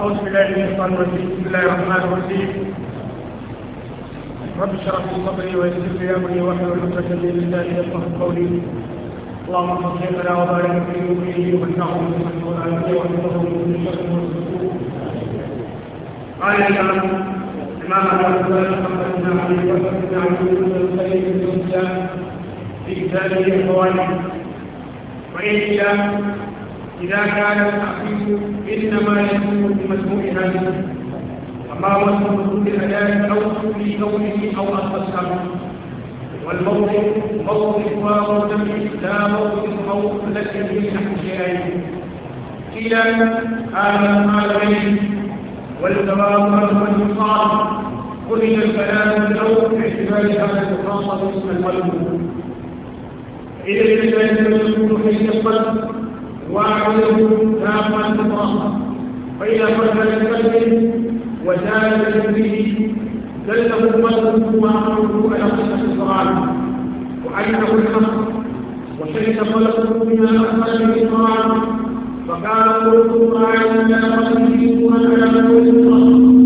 أعوذ بالله من الشيطان الرجيم بسم الله الرحمن الرحيم رب اشرح لي صدري ويسر لي أمري واحلل عقدة من لساني يفقهوا قولي اللهم اغفر لنا وبارك في يمينه وانهم يصلون عليه وانهم من شر قال الإمام الإمام أبو عبد الله محمد بن علي وسلم بن عبد الله بن بن في كتابه الفوائد وإن إذا كان التحقيق إنما يكون بمسموع هذه أما وزن وجود الأداء أو في كونه أو أصله والموقف موقف واو لا موقف موقف لك به نحو شيئين قيل هذا قال غيره والجواب أنه يقال قرن الكلام الأول باعتبار هذا الخاصة اسم القلب إذا كان المسلم في القلب واعبدوا تاما الله فإذا فشل الكلب وزال به دله قلبه وأمره على صحة الصلاة وعينه الحق وشهد قلبه بما أخرج به القرآن فقال قلوب الله عند قلبه وأنا قلوب الله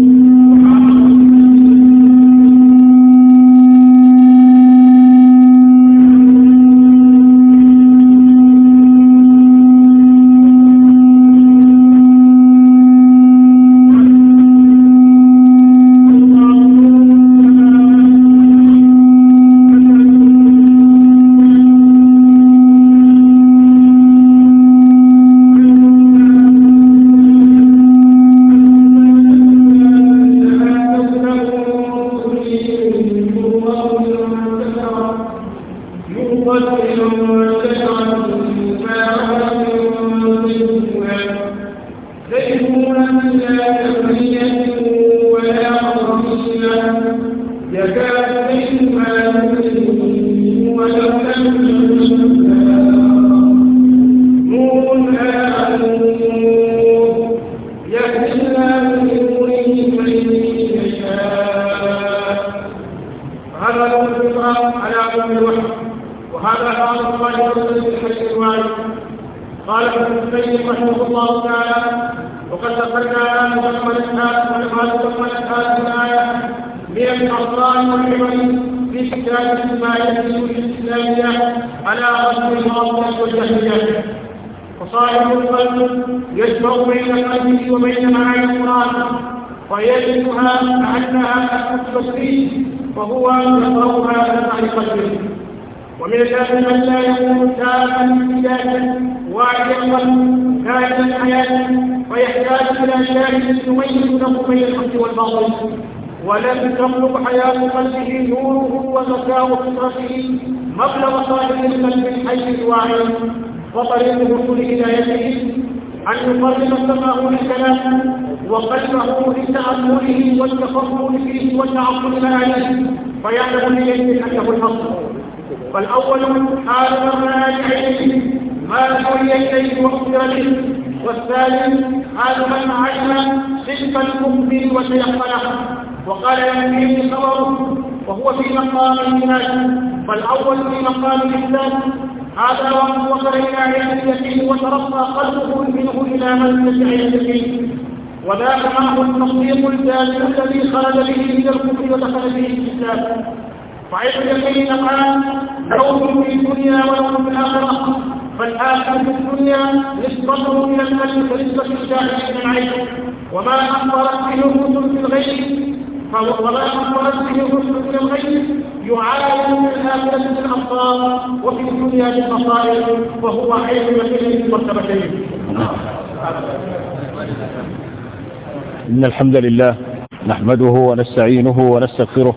ويشهد أن لا يكون تابا بداية كائنا حياة ويحتاج إلى شاهد يميزه بين الحق والباطل ولم تخلق حياة قلبه نوره ومساء فطرته مبلغ صالح القلب الحي الواعي وطريق الى يده أن يقرب سماه للكلام وقلبه لتأمله والتفضل فيه والتعقل عليه فيعلم اليه أنه الحق فالأول حال ما ما حوي إليه وقدرته والثاني حال من عجل صدق المؤمن وتيقنه وقال ينفيه خبره وهو في مقام الإيمان فالأول في مقام الإسلام هذا وقد وصل إلى علم اليقين وترقى قلبه منه إلى منزلة اليقين وذاك معه التصديق الجاد الذي خرج به من الكفر ودخل به الإسلام فعيش الذين قال لوم في الدنيا ولوم في الآخرة فالآخرة في الدنيا نسبته إلى الملك ونسبة الشاهد من العين وما أخبرت به الرسل في الغيب وما أخبرت به الرسل في الغيب يعاني في الآخرة بالأبصار وفي الدنيا بالبصائر وهو حيث يقين مرتبتين. إن الحمد لله نحمده ونستعينه ونستغفره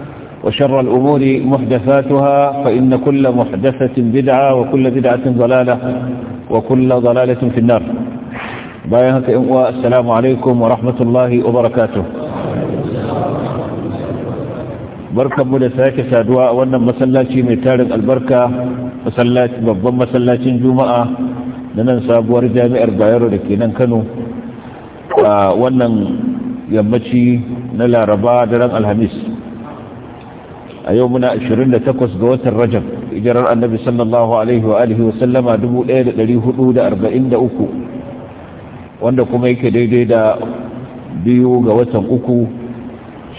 وشر الأمور محدثاتها فإن كل محدثة بدعة وكل بدعة ضلالة وكل ضلالة في النار السلام عليكم ورحمة الله وبركاته بركة مدساك سادواء وانا مسلاتي ميتارك البركة مسلاتي ببضم مسلاتي جمعة ننسى بوار جامع البعير لكي ننكنو آه، وانا يمتي نلا رباء درم الهميس a yau muna 28 ga watan rajab hijirar annabi sallallahu alaihi wa alihi wa sallama 1443 wanda kuma yake daidai da biyu ga watan uku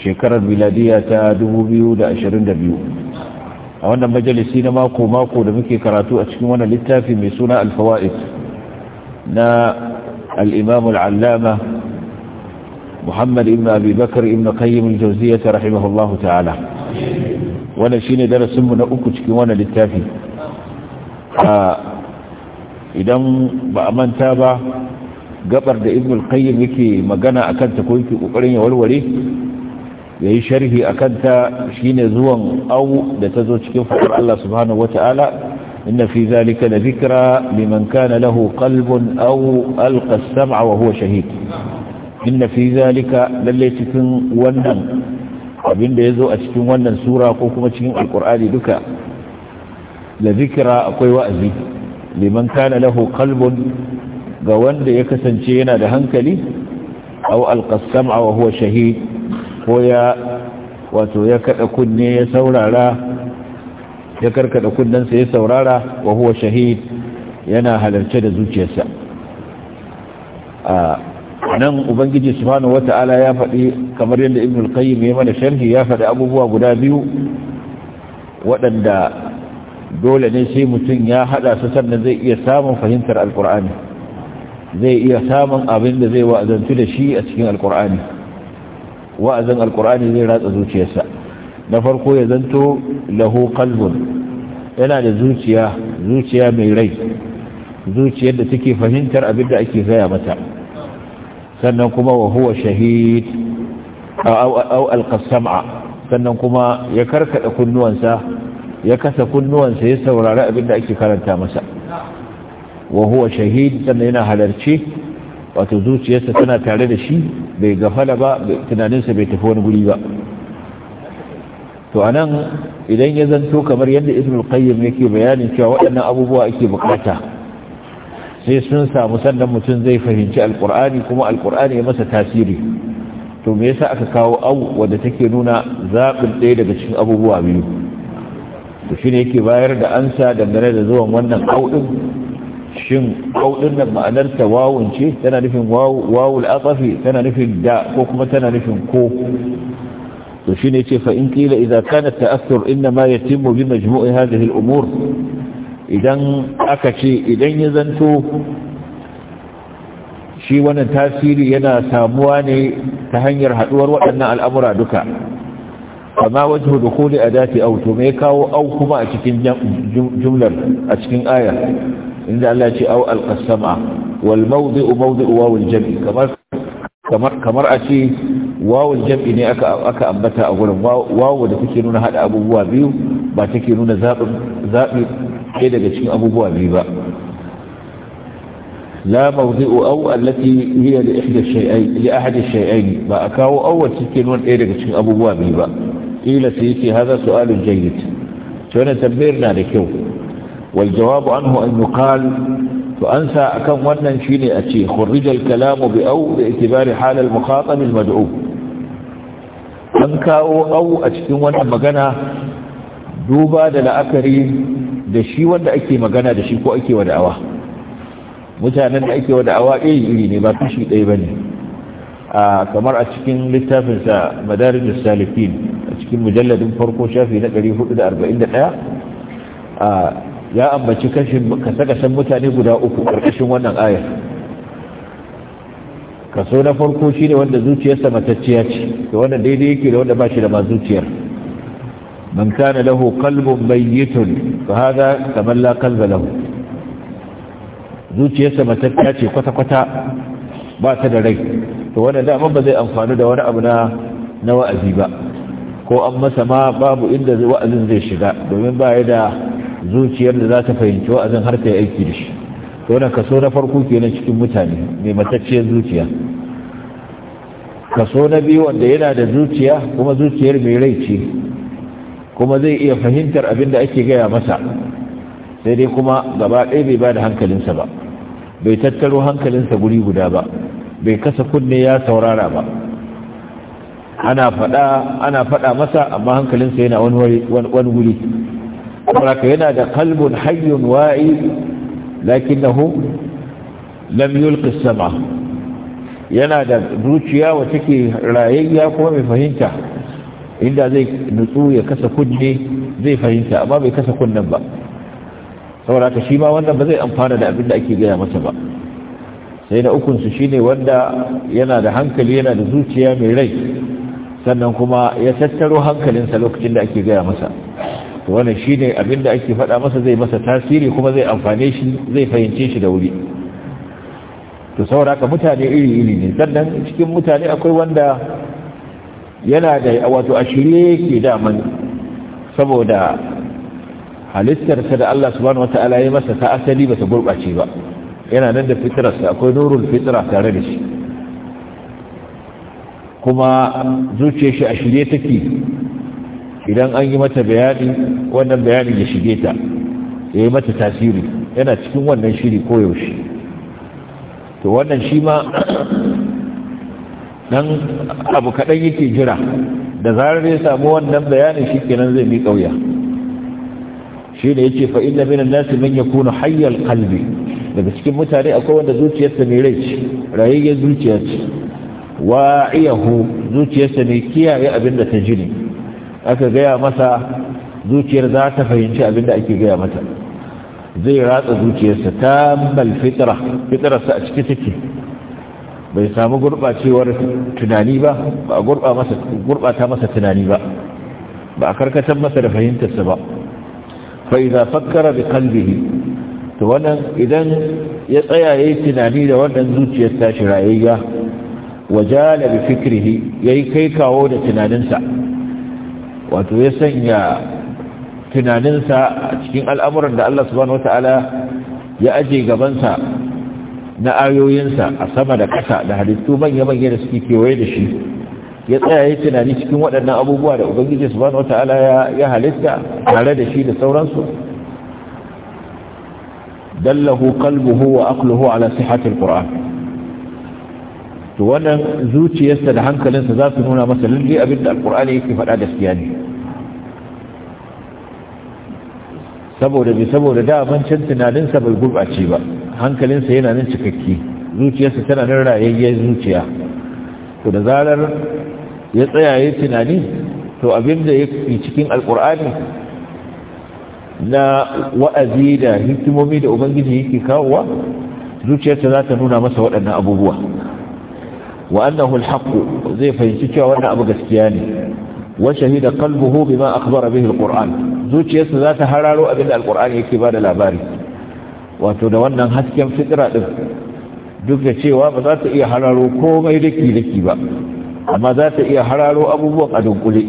shekarar miladiya ta 2022 a wannan majalisi na mako-mako da muke karatu a cikin wannan littafi mai suna alfawa'id na al'imamul allama muhammad ibn Abibakar bakar ibn qayyim al-jawziyya rahimahullahu ta'ala wannan shine darasin mu na uku cikin wannan littafi idan ba a manta ba gaɓar da ibn al-qayyim yake magana akan ta ko yake kokarin ya warware ya yi sharhi a kanta shine zuwan au da ta zo cikin faɗar Allah subhanahu wa ta'ala inna fi zalika da zikira liman kana lahu qalbun aw alqa as-sam'a wa huwa shahid inna fi zalika lalle cikin wannan abin da ya zo a cikin wannan sura ko kuma cikin alkur'ani duka la zikira akwai wa'azi liman kana lahu qalbun ga wanda ya kasance yana da hankali aw alqasama wa huwa shahid ko ya wato ya kada kunne ya saurara ya karkada sa ya saurara wa huwa shahid yana halarce da zuciyarsa a ah, nan ubangiji subhanahu wata'ala ya faɗi kamar yadda ibn al-qayyim ya mana sharhi ya faɗi abubuwa guda biyu waɗanda dole ne sai mutum ya haɗa su sannan zai iya samun fahimtar alƙur'ani zai iya samun abin da zai wa'azantu da shi a cikin alƙur'ani wa'azan alƙur'ani zai ratsa zuciyarsa na farko ya zanto lahu qalbun yana da zuciya zuciya mai rai zuciyar da take fahimtar abin da ake gaya mata sannan kuma wa huwa shahid au alqasama sannan kuma ya karkada kunnuwansa ya kasa kunnuwansa ya saurari abinda ake karanta masa wa huwa shahid sannan yana halarci wato zuciyarsa tana tare da shi bai gafala ba tunaninsa bai tafi wani guri ba to anan idan ya zanto kamar yadda ibn qayyim yake bayanin cewa waɗannan abubuwa ake bukata sai sun samu sannan mutum zai fahimci alkur'ani kuma alkur'ani ya masa tasiri to me yasa aka kawo au wadda take nuna zaɓin ɗaya daga cikin abubuwa biyu to shine yake bayar da ansa dangane da zuwan wannan au shin au nan ma'anarta ta wawun ce tana nufin wawul atafi tana nufin da ko kuma tana nufin ko to shine ce fa in qila idza kana ta'assur inma yatimmu bi majmu'i hadhihi al-umur idan aka ce idan ya zanto shi wannan tasiri yana samuwa ne ta hanyar haduwar waɗannan al'amura duka amma wajen dukuli a dati auto mai kawo au kuma a cikin jumlar a cikin aya inda Allah ce au alƙasama wal mawdi'u u wawul jam'i kamar kamar kamar a ce wawul jam'i ne aka ambata a gurin wawu da take nuna haɗa abubuwa biyu ba take nuna zabi ɗaya daga cikin abubuwa biyu ba la mawdi'u aw allati hiya li ihda shay'ain li ahad shay'ain ba a kawo aw wacce ke nuna ɗaya daga cikin abubuwa biyu ba kila sai yake hada su'alun jayyid to wannan tambayar na da kyau wal jawabu anhu an yuqal to ansa akan wannan shine a ce khurrijal kalamu bi aw bi itibari hal al mukhatab al mad'u an kawo aw a cikin wannan magana duba da la'akari da shi wanda ake magana da shi ko ake wa da'awa mutanen da ake wa da'awa iri iri ne ba shi ɗaya ba ne kamar a cikin littafinsa da salifin a cikin mujalladin farko shafi na 441 ya ambaci kashin kasa mutane guda uku ƙarƙashin wannan ayar kaso na farko shi ne wanda zuciyarsa matacciya ce da wanda daidai yake da wanda ba shi da ma zuciyar من كان له قلب ميت فهذا كمن لا قلب له zuciyarsa matakka ce kwata-kwata ba ta da rai to wanda dama ba zai amfani da wani abu na wa'azi ba ko an masa ma babu inda wa'azin zai shiga domin ba ya da zuciyar da za ta fahimci wa'azin har ta yi aiki da shi to wani kaso na farko kenan cikin mutane mai matacciyar zuciya kaso na biyu wanda yana da zuciya kuma zuciyar mai rai ce kuma zai iya fahimtar abin da ake gaya masa sai dai kuma gaba ɗaya bai ba da hankalinsa ba bai tattaro hankalinsa guri guda ba bai kasa kunne ya saurara ba ana faɗa ana faɗa masa amma hankalinsa yana wani guri kuma yana da kalbun hayyun wa'i lakinnahu lam yulqi sama yana da zuciya wacce ke rayayya kuma mai fahimta inda zai nutsu ya kasa kunne zai fahimta amma bai kasa kunnen ba saboda ka shi ma wannan ba zai amfana da abin da ake gaya masa ba sai na ukun su shine wanda yana da hankali yana da zuciya mai rai sannan kuma ya tattaro hankalinsa lokacin da ake gaya masa to wannan shine abin da ake faɗa masa zai masa tasiri kuma zai amfane shi zai fahimce shi da wuri to saboda ka mutane iri iri ne sannan cikin mutane akwai wanda yana da wato a shirye ke daman saboda halittarsa da Allah subhanahu wata'ala ya masa ta asali ba ta gurɓace ba yana nan da fitararsa akwai nurul fitra tare da shi kuma zuciyar shi a shirye take idan an yi mata bayani wannan bayanin ya shige ta ya yi mata tasiri yana cikin wannan shiri koyaushe to wannan shi ma dan abu kaɗan yake jira da zarar ya samu wannan bayanin shi kenan zai bi ƙauya shi ne ya ce fa'in da minan nasi man ya kuna hayyar kalbi daga cikin mutane akwai wanda zuciyarsa ne rai ce rayayyar ce wa iyahu zuciyarsa ne kiyaye abin da ta ji ne aka gaya masa zuciyar za ta fahimci abin da ake gaya mata zai ratsa zuciyarsa ta mal fitra a ciki take bai samu gurɓacewar tunani ba ba a gurɓata masa tunani ba ba a karkatar masa da fahimtarsa ba fa'iza fakkara bi kalbihi to wannan idan ya tsaya ya tunani da wannan zuciyar tashi rayayya wajala bi fikrihi ya yi kai kawo da tunaninsa wato ya sanya tunaninsa a cikin al'amuran da Allah subhanahu wata'ala ya aje gabansa na ayoyinsa a sama da ƙasa da halittu manya-manya da suke kewaye da shi ya tsaya ya tunani cikin waɗannan abubuwa da ubangiji subhanahu wata'ala ya halitta tare da shi da sauransu dallahu buhu wa Akluhu ala sihhati alquran to wannan zuciyarsa da hankalinsa za su nuna masa lalle abinda alqur'ani yake faɗa gaskiya ne saboda bi saboda da abincin tunaninsa bai gurɓace ba hankalinsa yana nan cikakke zuciyarsa tana nan rayayyar zuciya to da zarar ya tsaya ya tunani to abinda ya fi cikin alkur'ani na wa'azi da hikimomi da ubangiji yake kawowa zuciyarsa za ta nuna masa waɗannan abubuwa wa annahu alhaqqu zai fahimci cewa wannan abu gaskiya ne wa shahida qalbuhu bima akhbara bihi alquran zuciyarsa za ta hararo abinda alqur'ani yake bada labari wato da wannan hasken fitira din duk da cewa ba za ta iya hararo komai daki-daki ba amma za ta iya hararo abubuwan a dunkule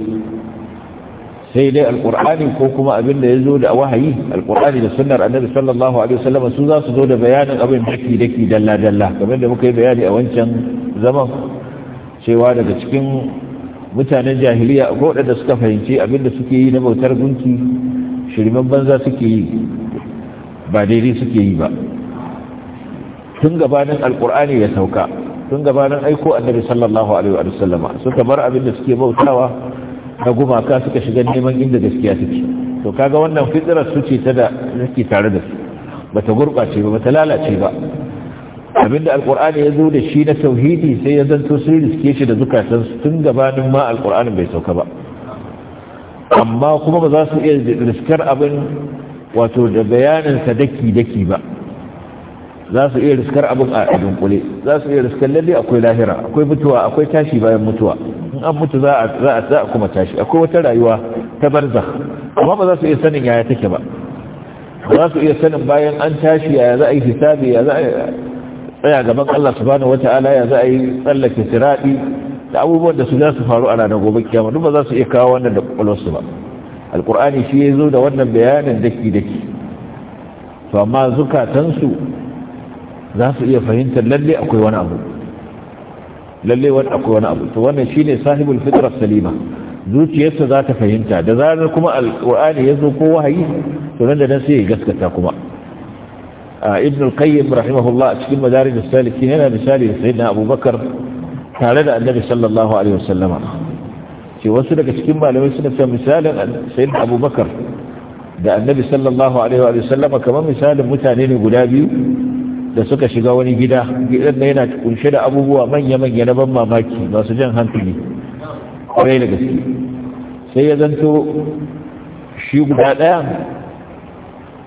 sai dai Alƙur'ani ko kuma abin da ya zo da wahayi Alƙur'ani da sunnar annabi sallallahu alaihi wasallam su za su zo da bayanin abin daki-daki dalla-dalla kamar da muka yi bayani a wancan zaman cewa daga cikin mutanen jahiliya ko waɗanda suka fahimci abin da suke yi na bautar gunki shirman banza suke yi ba daidai suke yi ba tun gabanin alkur'ani ya sauka tun gabanin aiko annabi sallallahu alaihi wa sallama suka bar abin da suke bautawa na gumaka suka shiga neman inda gaskiya suke to kaga wannan fitrar su ce ta da suke tare da su bata gurbace ba bata lalace ba abinda alkur'ani ya zo da shi na tauhidi sai ya zanto sun riske shi da zukatan su tun gabanin ma alkur'anin bai sauka ba amma kuma ba za su iya riskar abin wato da bayaninsa daki-daki ba za su iya riskar abin a dunkule za su iya riskar lalle akwai lahira akwai mutuwa akwai tashi bayan mutuwa in an mutu za a za a kuma tashi akwai wata rayuwa ta barza amma ba za su iya sanin yaya take ba za su iya sanin bayan an tashi yaya za a yi hisabi ya za a tsaya gaban Allah subhanahu wata'ala ya za a yi tsallake siradi da abubuwan da su za su faru a ranar gobe kiyama duk ba za su iya kawo wannan da kwakwalwarsu ba alkur'ani shi ya zo da wannan bayanin daki-daki to amma zukatansu za su iya fahimtar lalle akwai wani abu lalle wani akwai wani abu to wannan shi ne sahibul fitra salima zuciyarsa za ta fahimta da zarar kuma alkur'ani ya zo ko wahayi to nan da nan sai ya gaskata kuma ibn al-qayyim rahimahullah a cikin madarij as-salikin yana misali da sayyidina abubakar tare da annabi sallallahu alaihi wasallama ce wasu daga cikin malamai suna cewa misalin sayyid abubakar da annabi sallallahu alaihi wa sallama kamar misalin mutane ne guda biyu da suka shiga wani gida gidan da yana kunshe da abubuwa manya-manya na ban mamaki masu jan hankali kwarai da gaske sai ya zanto shi guda ɗaya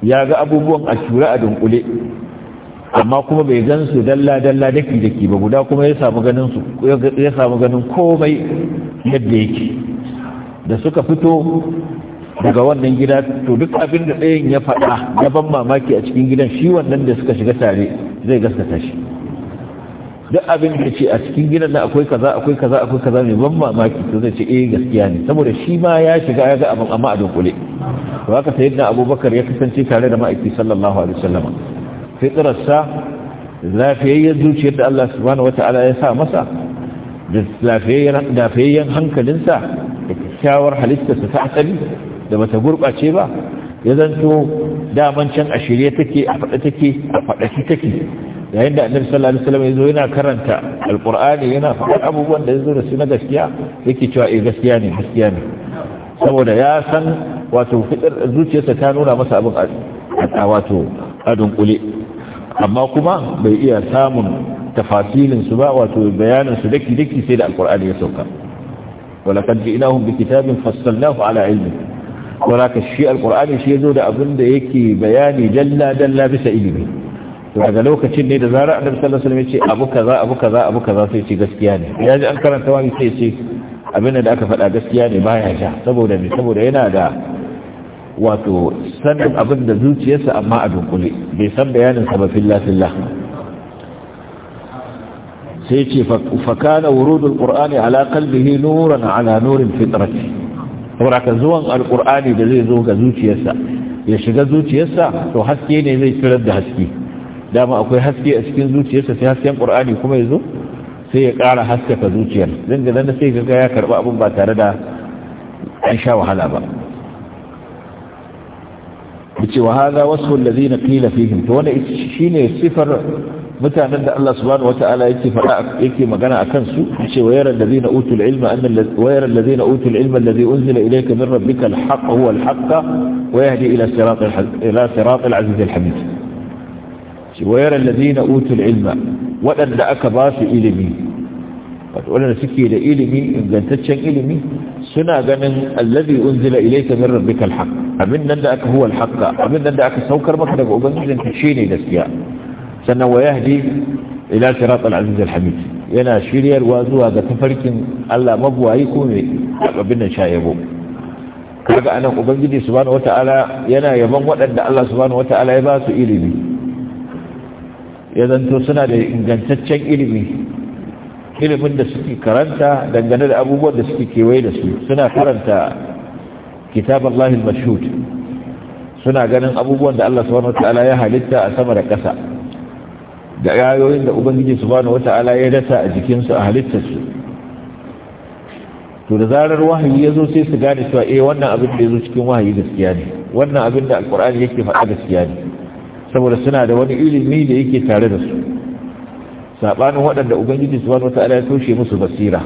ya ga abubuwan a shura a dunkule amma kuma bai gan su dalla dalla daki daki ba guda kuma ya samu ganin su ya samu ganin komai yadda yake da suka fito daga wannan gida to duk abin da ɗayan ya faɗa na ban mamaki a cikin gidan shi wannan da suka shiga tare zai gaskata shi duk abin da ce a cikin gidan na akwai kaza akwai kaza akwai kaza mai ban mamaki to zai ce eh gaskiya ne saboda shi ma ya shiga ya ga abin amma a dunkule to haka sayyidina abubakar ya kasance tare da ma'aiki sallallahu alaihi wasallam fitrarsa lafiyayyen zuciyar da Allah subhanahu wata'ala ya sa masa da lafiyayyen hankalinsa da kyakkyawar halittarsa ta asali da bata gurɓace ba ya zanto daman can a shirye take a faɗa take a faɗa take yayin da annabi sallallahu alaihi wasallam yazo yana karanta alqur'ani yana faɗa abubuwan da yazo da su na gaskiya yake cewa eh gaskiya ne gaskiya ne saboda ya san wato fitar zuciyarsa ta nuna masa abin a wato a amma kuma bai iya samun tafasilin su ba wato bayanin su daki daki sai da alqur'ani ya sauka walaqad ji'nahum bi kitabin fassalnahu ala ilmi Wala shi alqur'ani shi yazo da abin da yake bayani dalla dalla bisa ilimi to daga lokacin ne da zara annabi sallallahu alaihi wasallam ya ce abu kaza abu kaza abu kaza sai ce gaskiya ne ya ji an karanta wani sai ce abin da aka faɗa gaskiya ne baya ja saboda ne saboda yana da wato sanin abin da zuciyarsa amma a dunkule bai san bayanin sa ba Sai ce sai na fa kana wurudul qur'ani ala qalbihi nuran ala nurin fitrati saboda zuwan alqur'ani da zai zo ga zuciyarsa ya shiga zuciyarsa to haske ne zai firar da haske dama akwai haske a cikin zuciyarsa sai hasken ƙur'ani kuma ya zo sai ya ƙara ka zuciyar zanga zanga sai ga ya karɓa abin ba tare da an sha wahala ba yace wa hadha wasfu alladhina qila fihim to wanda shine sifar mutanen da Allah subhanahu wataala yake fada yake magana akan su yace wa yara alladhina utul ilma anna wa yara alladhina utul ilma alladhi unzila ilayka min rabbika alhaq huwa alhaq wa yahdi ila sirat ila sirat alaziz alhamid wa yara alladhina utul ilma wadanda aka ba su ilimi wanda suke da ilimi ingantaccen ilimi suna ganin allazi unzila ilayka min rabbika alhaq abin nan da aka huwa alhaq abin nan da aka saukar maka daga ubangijin ka shine gaskiya sannan wa yahdi ila sirat al-aziz al-hamid yana shiryarwa zuwa ga tafarkin Allah mabuwayi ko mai abin nan shayebo kaga anan ubangiji subhanahu wataala yana yaban waɗanda Allah subhanahu wataala ya ba su ilimi ya zanto suna da ingantaccen ilimi ilimin da suke karanta dangane da abubuwan da suke kewaye da su suna karanta kitab Allah al-mashhud suna ganin abubuwan da Allah subhanahu wataala ya halitta a sama da ƙasa da ayoyin da ubangiji subhanahu wataala ya dasa a jikin su a halittar su to da zarar wahayi ya zo sai su gane cewa eh wannan abin da ya zo cikin wahayi gaskiya ne wannan abin da alqur'ani yake faɗa gaskiya ne saboda suna da wani ilimi da yake tare da su Saɓanin waɗanda ubangiji wani wataala ya toshe musu basira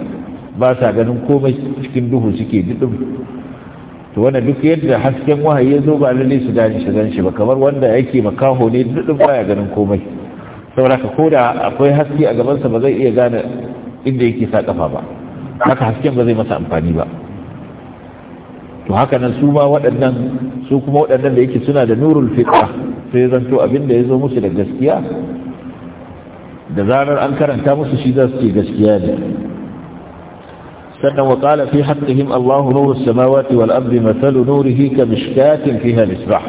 ba sa ganin komai cikin duhu suke duɗin. to wannan duk yadda hasken wahayi ya zo ba lalle su gane shi gan shi ba kamar wanda yake makaho ne duɗin baya ganin komai saboda ka koda akwai haske a gabansa ba zai iya gane inda yake sa kafa ba haka hasken ba zai masa amfani ba to haka nan su ma waɗannan su kuma waɗannan da yake suna da nurul fitra sai zanto abin da ya zo musu da gaskiya da zarar an karanta musu shi za su ce gaskiya ne sannan wa qala fi haqqihim Allahu nuru as-samawati wal ardi mathalu nurihi ka mishkatin fiha misbah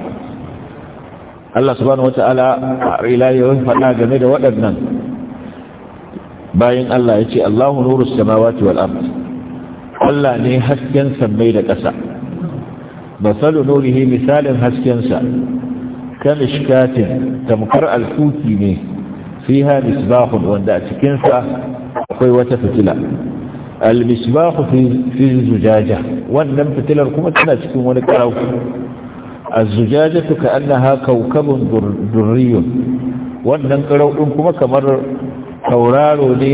Allah subhanahu wata'ala ila wani faɗa game da waɗannan bayan Allah ya ce Allahu nuru as-samawati wal ardi Allah ne hasken sammai da ƙasa masalu nurihi misalin haskensa ka mishkatin tamkar alfuki ne fiha misbahun wanda a cikinsa akwai wata fitila al-misbahu fi zujaja wannan fitilar kuma tana cikin wani karau az-zujaja ka annaha kawkabun durriyun wannan karau din kuma kamar tauraro ne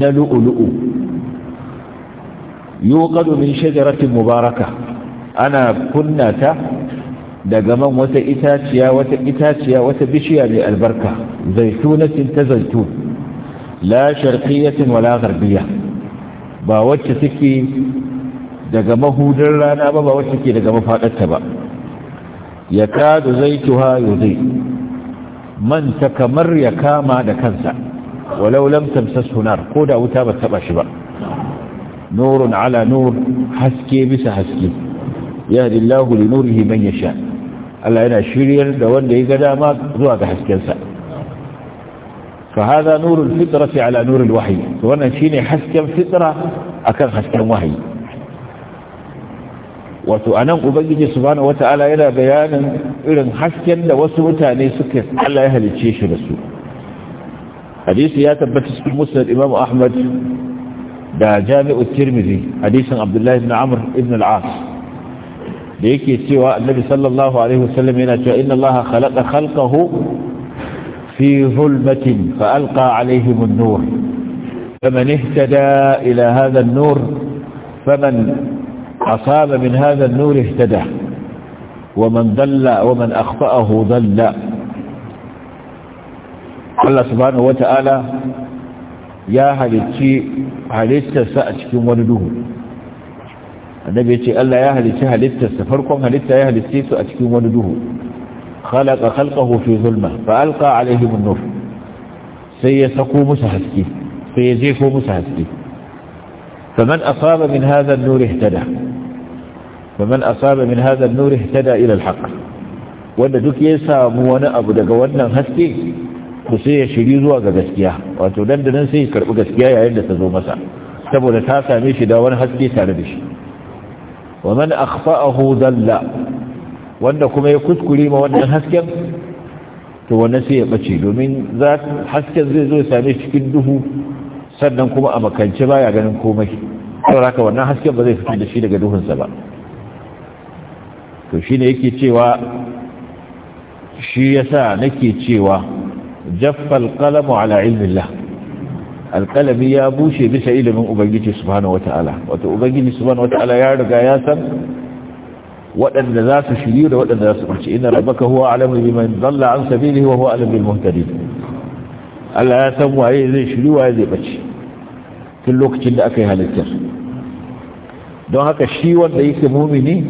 na lu'ulu'u yuqadu min shajaratin mubaraka ana kunnata daga man wata itaciya wata itaciya wata bishiya mai albarka zaitunatin ta zaitun la sharqiyatin wala gharbiya ba wacce take daga mahudar rana ba ba wacce ke daga mafadarta ba ya kadu zaituha yuzai man ta kamar ya kama da kansa walau lam tamsas ko da wuta ba taba shi ba nurun ala nur haske bisa haske yahdi Allahu li nurihi ya sha. Allah yana shiryar da wanda ya ga dama zuwa ga haskensa فهذا نور الفطرة على نور الوحي وانا شيني حسكا فطرة أكن حسكا وحي wato a nan ubangiji subhanahu wata'ala yana bayanin irin hasken da wasu mutane suka Allah ya halicce shi da su hadisi ya tabbata cikin imam ahmad da jami'u tirmidhi hadisin abdullahi ibn amr ibn al-as da yake cewa annabi sallallahu alaihi wasallam yana cewa inna allaha khalaqa khalqahu في ظلمة فألقى عليهم النور فمن اهتدى إلى هذا النور فمن أصاب من هذا النور اهتدى ومن ضل ومن أخطأه ضل الله سبحانه وتعالى يا هلتي هلتي سأتكم ولده النبي يقول الله يا هلتي هلتي سفركم هلتي يا هلتي سأتكم ولده khalaqa khalqahu fi zulma fa alqa alaihim an sai ya sako musu haske sai ya jefo musu haske faman asaba min hadha an-nur min hadha an-nur ihtada ila al-haqq wanda duk ya samu wani abu daga wannan haske to ya shirya zuwa ga gaskiya wato dandanan sai karbi gaskiya yayin da ta zo masa saboda ta same shi da wani haske tare da shi wa man wanda kuma ya kuskure ma wannan hasken to wannan sai ya bace domin za hasken zai zo ya same cikin duhu sannan kuma a makance baya ganin komai saboda haka wannan hasken ba zai fito da shi daga duhun sa ba to shine yake cewa shi yasa nake cewa jaffal qalamu ala llah alqalami ya bushe bisa ilimin ubangiji subhanahu wataala wato ubangiji subhanahu wataala ya riga ya san waɗanda za su shiryu da waɗanda za su ɓace ina rabaka huwa alamu biman dalla an sabilihi wa huwa alamu bil muhtadin Allah ya san waye zai shiryu waye zai ɓace tun lokacin da aka yi halittar don haka shi wanda yake mumini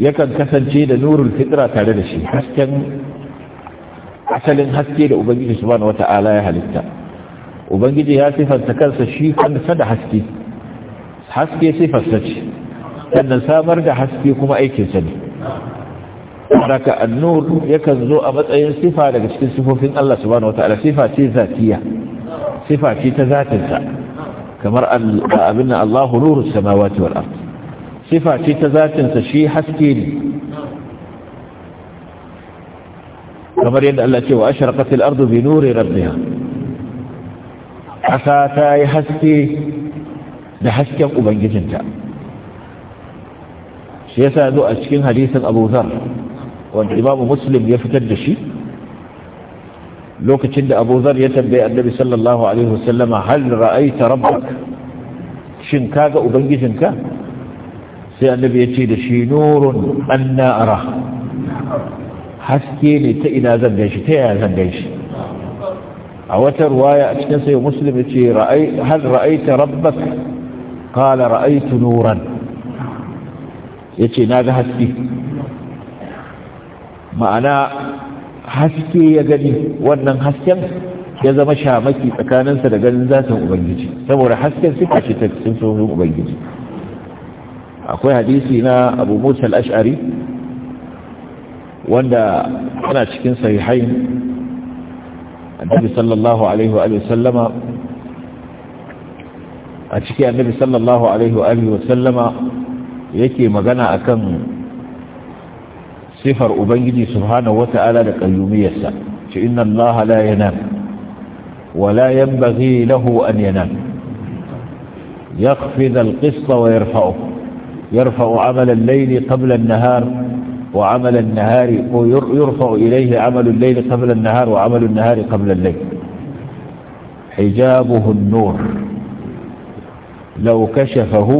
yakan kasance da nurul fitra tare da shi hasken asalin haske da ubangiji subhanahu wata'ala ya halitta ubangiji ya sifanta kansa shi kansa da haske haske sifarsa ce sannan samar da haske kuma aikinsa ne daga annur yakan zo a matsayin sifa daga cikin sifofin Allah subhanahu wataala sifa ce zatiya sifa ce ta zatinsa kamar abin Allah nuru samawati wal ard sifa ce ta zatinsa shi haske ne kamar yadda Allah ce wa ashraqat al ardu bi nuri rabbiha asa ta yi haske da hasken ubangijinta shi yasa zo a cikin hadisin Abu wanda Imam Muslim ya fitar da shi lokacin da Abu ya tambaye Annabi sallallahu alaihi wasallama hal ra'aita rabbak shin kaga ubangijinka sai Annabi ya ce da shi nurun anna ara haske ne ta ina zan ganshi ta yaya zan ganshi a wata ruwaya a cikin sai Muslim ya ce hal ra'aita rabbak qala ra'aitu nuran ya ce na ga haske ma'ana haske ya gani wannan hasken ya zama shamaki tsakaninsa da ganin zatin ubangiji saboda hasken suka ce ta sun ubangiji akwai hadisi na abu musa al'ashari wanda ana cikin sahihai annabi sallallahu alaihi wa sallama a cikin annabi sallallahu alaihi wa sallama yake magana akan sifar ubangiji subhanahu wata'ala da qayyumiyyarsa ce inna allaha la yanam wa la yanbaghi lahu an yanam يخفض القسط ويرفعه يرفع عمل الليل قبل النهار وعمل النهار ويرفع إليه عمل الليل قبل النهار وعمل النهار قبل الليل حجابه النور لو كشفه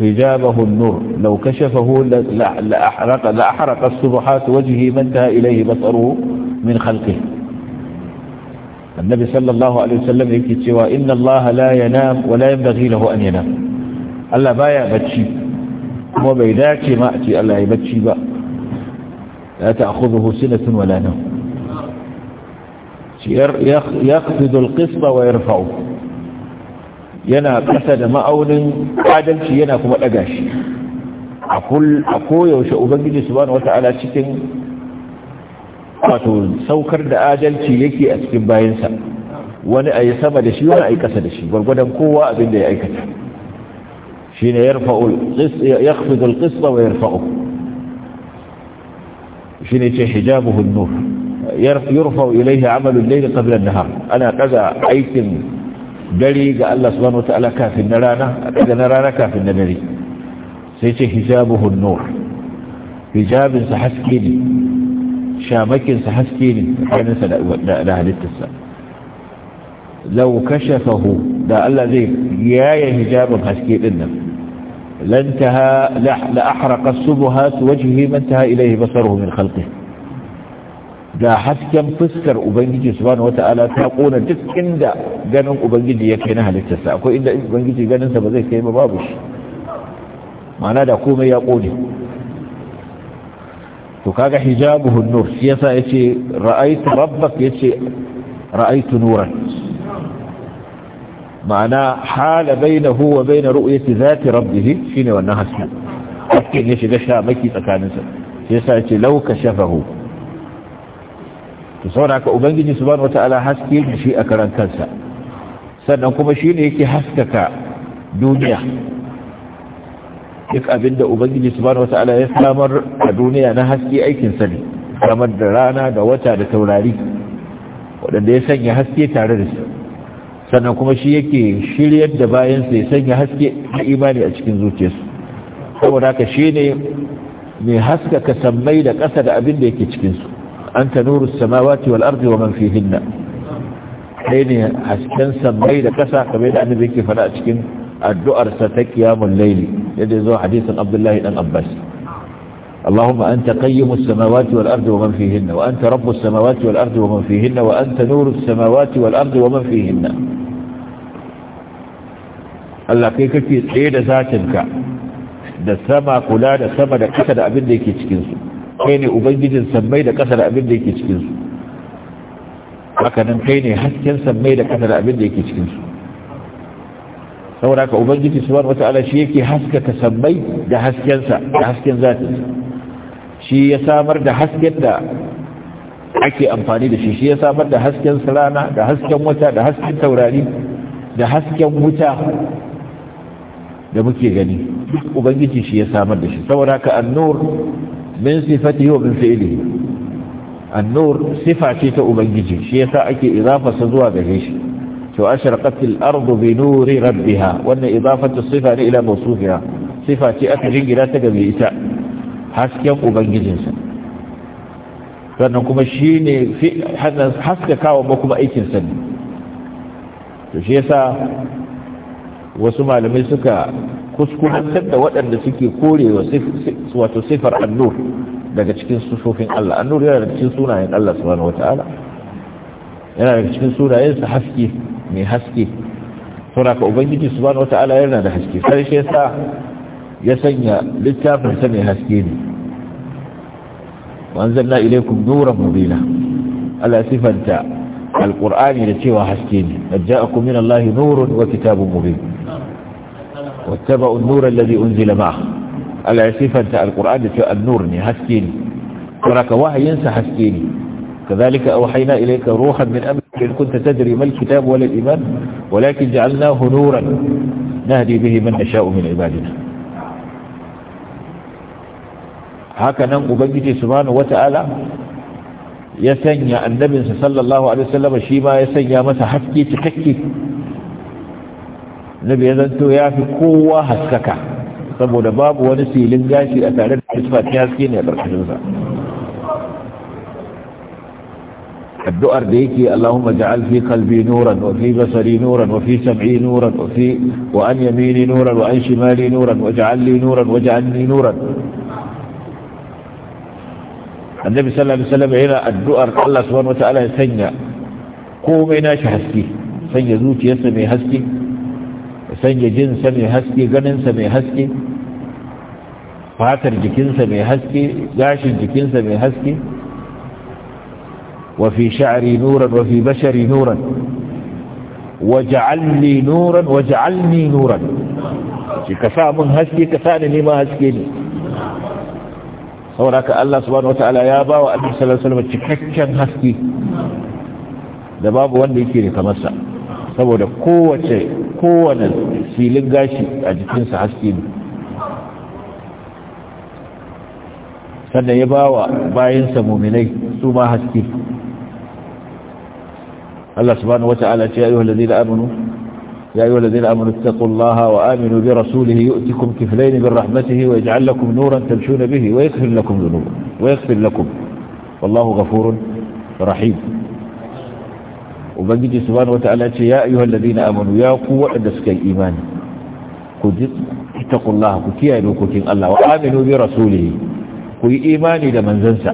حجابه النور لو كشفه لأحرق, لأحرق الصبحات وجهه ما انتهى إليه بصره من خلقه النبي صلى الله عليه وسلم يكتوى إن الله لا ينام ولا ينبغي له أن ينام ألا بايا بتشي وبيداك ما أتي ألا يبتشي با لا تأخذه سنة ولا نوم يقفض القسط ويرفعه yana ƙasa da ma'aunin adalci yana kuma ɗaga shi a koyaushe ubangiji su bani wata'ala cikin wato saukar da adalci yake a cikin bayansa wani a yi sama da shi wani a yi ƙasa da shi gwargwadon kowa abin da ya aikata shi ne ya fidul ƙisba wa yarfa'u shi ne ce hijabu hunnu rufa ilaihi amalin laifin ƙabilan nahar ana ɗaga aikin dare ga Allah subhanahu wa ta'ala kafin na rana daga na rana kafin na dare sai ce hijabuhu nur hijabin sa haske ne shamakin sa haske ne tsakanin sa da halittarsa law kashafahu da Allah zai yaya hijabin haske din nan lantaha la ahraqa subuhat wajhi man taha ilayhi basaruhu min khalqihi ga hasken fuskar ubangiji subhanahu wata'ala ta kona duk inda ganin ubangiji ya kai na halittarsa akwai inda ubangiji ganinsa ba zai kai ba babu shi ma'ana da komai ya kone to kaga hijabuhu nur shi yasa yace ra'aytu rabbak yace ra'aytu nuran ma'ana hala bainahu wa bain ru'yati zati rabbih shine wannan hasken hakken ya shiga shamaki tsakaninsa shi yasa yace lauka kashafahu to saboda haka ubangiji subhanahu wataala haske da shi a karan kansa sannan kuma shi ne yake haskaka duniya duk abinda ubangiji subhanahu wataala ya samar a duniya na haske aikin sa ne kamar da rana da wata da taurari waɗanda ya sanya haske tare da su sannan kuma shi yake shiryar da bayansa ya sanya haske na imani a cikin zuciyarsu saboda haka shi ne mai haskaka sammai da ƙasa da abin da yake cikinsu أنت نور السماوات والأرض ومن فيهن حيني حسن سمي لكسا قبيل أن ذكي فلا أشكن الدؤر ستكيام الليل يدي ذو حديث عبد الله بن أباس اللهم أنت قيم السماوات والأرض ومن فيهن وأنت رب السماوات والأرض ومن فيهن وأنت نور السماوات والأرض ومن فيهن Allah kai kake ذاتك دا سما da sama kula da sama da kasa da kai ne ubangijin sammai da kasar abin da yake cikin su haka nan kai ne hasken sammai da kasar abin da yake cikin su saboda ka ubangiji subhanahu wata'ala shi yake haskaka sammai da haskensa da hasken zafi. shi ya samar da hasken da ake amfani da shi shi ya samar da hasken salana, da hasken wata da hasken taurari da hasken wuta da muke gani ubangiji shi ya samar da shi saboda ka annur min sifatihi wa min fi'lihi an-nur sifa ce ta ubangiji shi yasa ake idafarsa zuwa gare shi to ashraqat al-ardu bi nuri rabbiha wannan idafatu sifa ne ila mawsufiha sifa ce aka jingira ta gabe ita hasken ubangijinsa sannan kuma shi ne haskakawa ba kuma aikinsa ne to shi yasa wasu malamai suka kuskurantar da waɗanda suke korewa wato sifar annur daga cikin sufofin Allah annur yana daga cikin sunayen Allah subhanahu wata'ala yana daga cikin sunayen sa haske mai haske saboda ka ubangiji subhanahu wata'ala yana da haske sai sa ya sanya littafin sa mai haske ne wanzanna ilaikum nuran mubina Allah sifanta alqur'ani da cewa haske ne ja'akum min Allah nurun wa kitabun mubin واتبعوا النور الذي أنزل معه العسيفة أنت القرآن في النور نهستين وراك واحد ينسى حسين كذلك أوحينا إليك روحا من أمر إن كنت تدري ما الكتاب ولا الإيمان ولكن جعلناه نورا نهدي به من نشاء من عبادنا هكذا ننقو نعم، بجتي سبحانه وتعالى يسنى النبي صلى الله عليه وسلم شيما يسنى مسا تككي nabi ya zanto ya fi kowa haskaka saboda babu wani filin gashi a tare da isfatin haske ne a ƙarƙashinsa addu'ar da yake Allahumma ja'al fi kalbi nuran wa fi basari nuran wa fi sam'i nuran wa fi wa an yamini nuran wa an shimali nuran wa ja'al nuran wa ja'alni nuran annabi sallallahu alaihi wasallam yana addu'ar Allah subhanahu wa ta'ala ya sanya komai nashi haske sanya zuciyarsa mai haske ka sanya jinsa mai haske ganinsa mai haske fatar jikinsa mai haske gashin jikinsa mai haske wafi nuran وفي شعري نورا وفي nuran نورا وجعلني نورا وجعلني نورا كفاء من هسكي كفاني haske ne. saboda haka Allah subhanahu ta'ala ya ba wa Annabi sallallahu alaihi cikakken haske da babu wanda yake da kamar sa saboda kowace kowane filin gashi a jikinsa haske ne sannan ya bawa bayansa muminai su ma haske Allah subhanahu wata'ala ce ya yi wallazi da aminu يا أيها الذين آمنوا اتقوا الله وآمنوا برسوله يؤتكم كفلين من رحمته ويجعل لكم نورا تمشون به ويغفر لكم ذنوبا ويغفر لكم والله غفور رحيم ubangiji wata ala ce ya ayyuhal na amanu ya ku waɗanda suka yi imani ku ji taqullaha ku kiyaye dokokin Allah wa aminu bi rasulihi ku yi imani da manzansa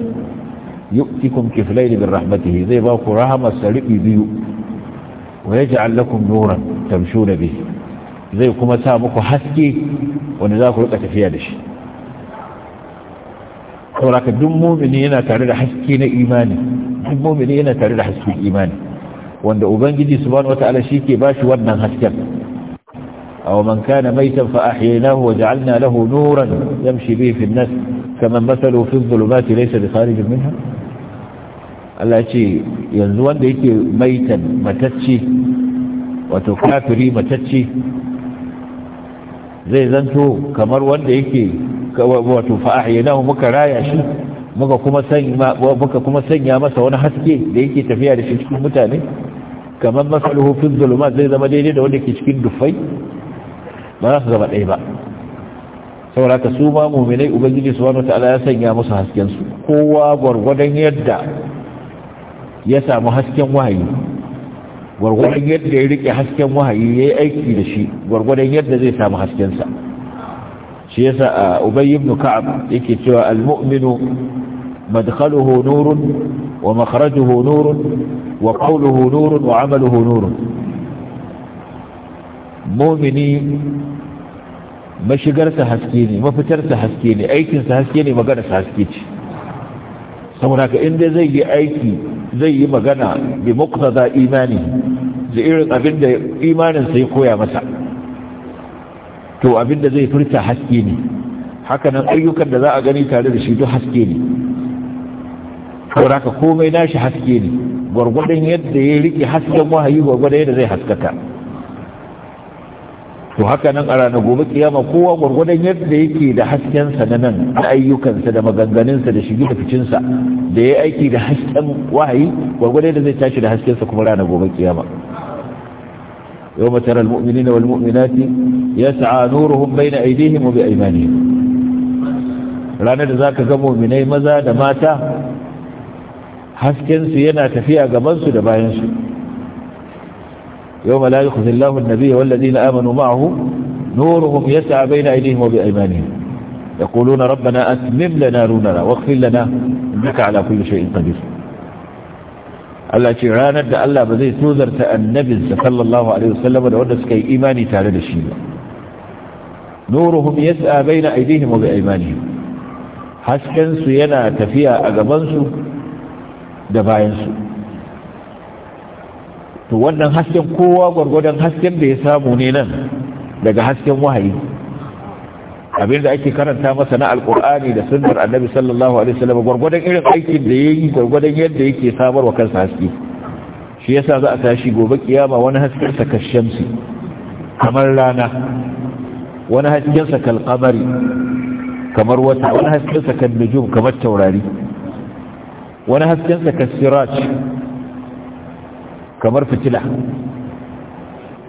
yu'tikum kiflayn min rahmatihi zai ba ku rahama saribi biyu wa yaj'al lakum nuran tamshuna bihi zai kuma sa muku haske wanda za ku rika tafiya da shi sauraka duk mumini yana tare da haske na imani duk mumini yana tare da haske imani wanda ubangiji subhanahu wataala shike bashi wannan hasken aw man kana maytan fa ahyaynahu wa ja'alna lahu nuran yamshi bihi fi an-nas kaman masalu fi adh-dhulumati laysa bi kharij minha Allah ce yanzu wanda yake maitan matacce wato kafiri matacce zai zanto kamar wanda yake wato fa'ahyanahu muka raya shi muka kuma sanya muka kuma sanya masa wani haske da yake tafiya da shi cikin mutane kamar masaluhu fi zulumat zai zama daidai da wanda ke cikin dufai ba za su zama ɗaya ba saboda ka su ma muminai ubangiji su wani ta'ala ya sanya musu hasken su kowa gwargwadon yadda ya samu hasken wahayi gwargwadon yadda ya rike hasken wahayi ya yi aiki da shi gwargwadon yadda zai samu haskensa shi yasa a ubayi mu ka'ab yake cewa al-mu'minu madkhaluhu nurun ومخرجه نور وقوله نور وعمله نور مؤمني mashigarsa haske ne mafitarsa haske ne aikinsa haske ne maganarsa haske ce saboda inda zai yi aiki zai yi magana bi muqtada imani da irin abin da ya koya masa to abin zai furta haske ne hakanan ayyukan da za a gani tare da shi duk haske ne saboda haka komai nashi haske ne gwargwadon yadda ya rike hasken wahayi gwargwadon yadda zai haskaka to haka nan a ranar gobe kiyama kowa gwargwadon yadda yake da haskensa na nan da ayyukansa da maganganunsa da shigi da ficinsa da ya aiki da hasken wahayi gwargwadon yadda zai tashi da haskensa kuma ranar gobe kiyama يوم ترى المؤمنين والمؤمنات يسعى نورهم بين أيديهم وبأيمانهم ranar da zaka ga mu'minai maza da mata haskensu yana tafiya gabansu da bayansu yau malayi kusillahu nabiya wallazi na amanu ma'ahu nuruhum yasa baina aidihim wa bi aymanihim yaquluna rabbana atmim lana nurana waghfir lana innaka ala kulli shay'in kadir. Allah ce ranar da Allah ba zai tozarta annabinsa sallallahu alaihi wasallam da wanda suka yi imani tare da shi ba nuruhum yas'a baina aydihim wa bi aymanihim hasken su yana tafiya a gaban su da bayansu to wannan hasken kowa gwargwadon hasken da ya samu ne nan daga hasken wahayi abinda ake karanta masa na alkur'ani da sunnar annabi sallallahu alaihi wasallam gwargwadon irin aikin da yayi gwargwadon yadda yake wa kansa haske shi yasa za a tashi gobe kiyama wani hasken sa kashamsi kamar rana wani hasken sa kalqamari kamar wata wani hasken sa kan nujum kamar taurari wani haskensa kasiraj kamar fitila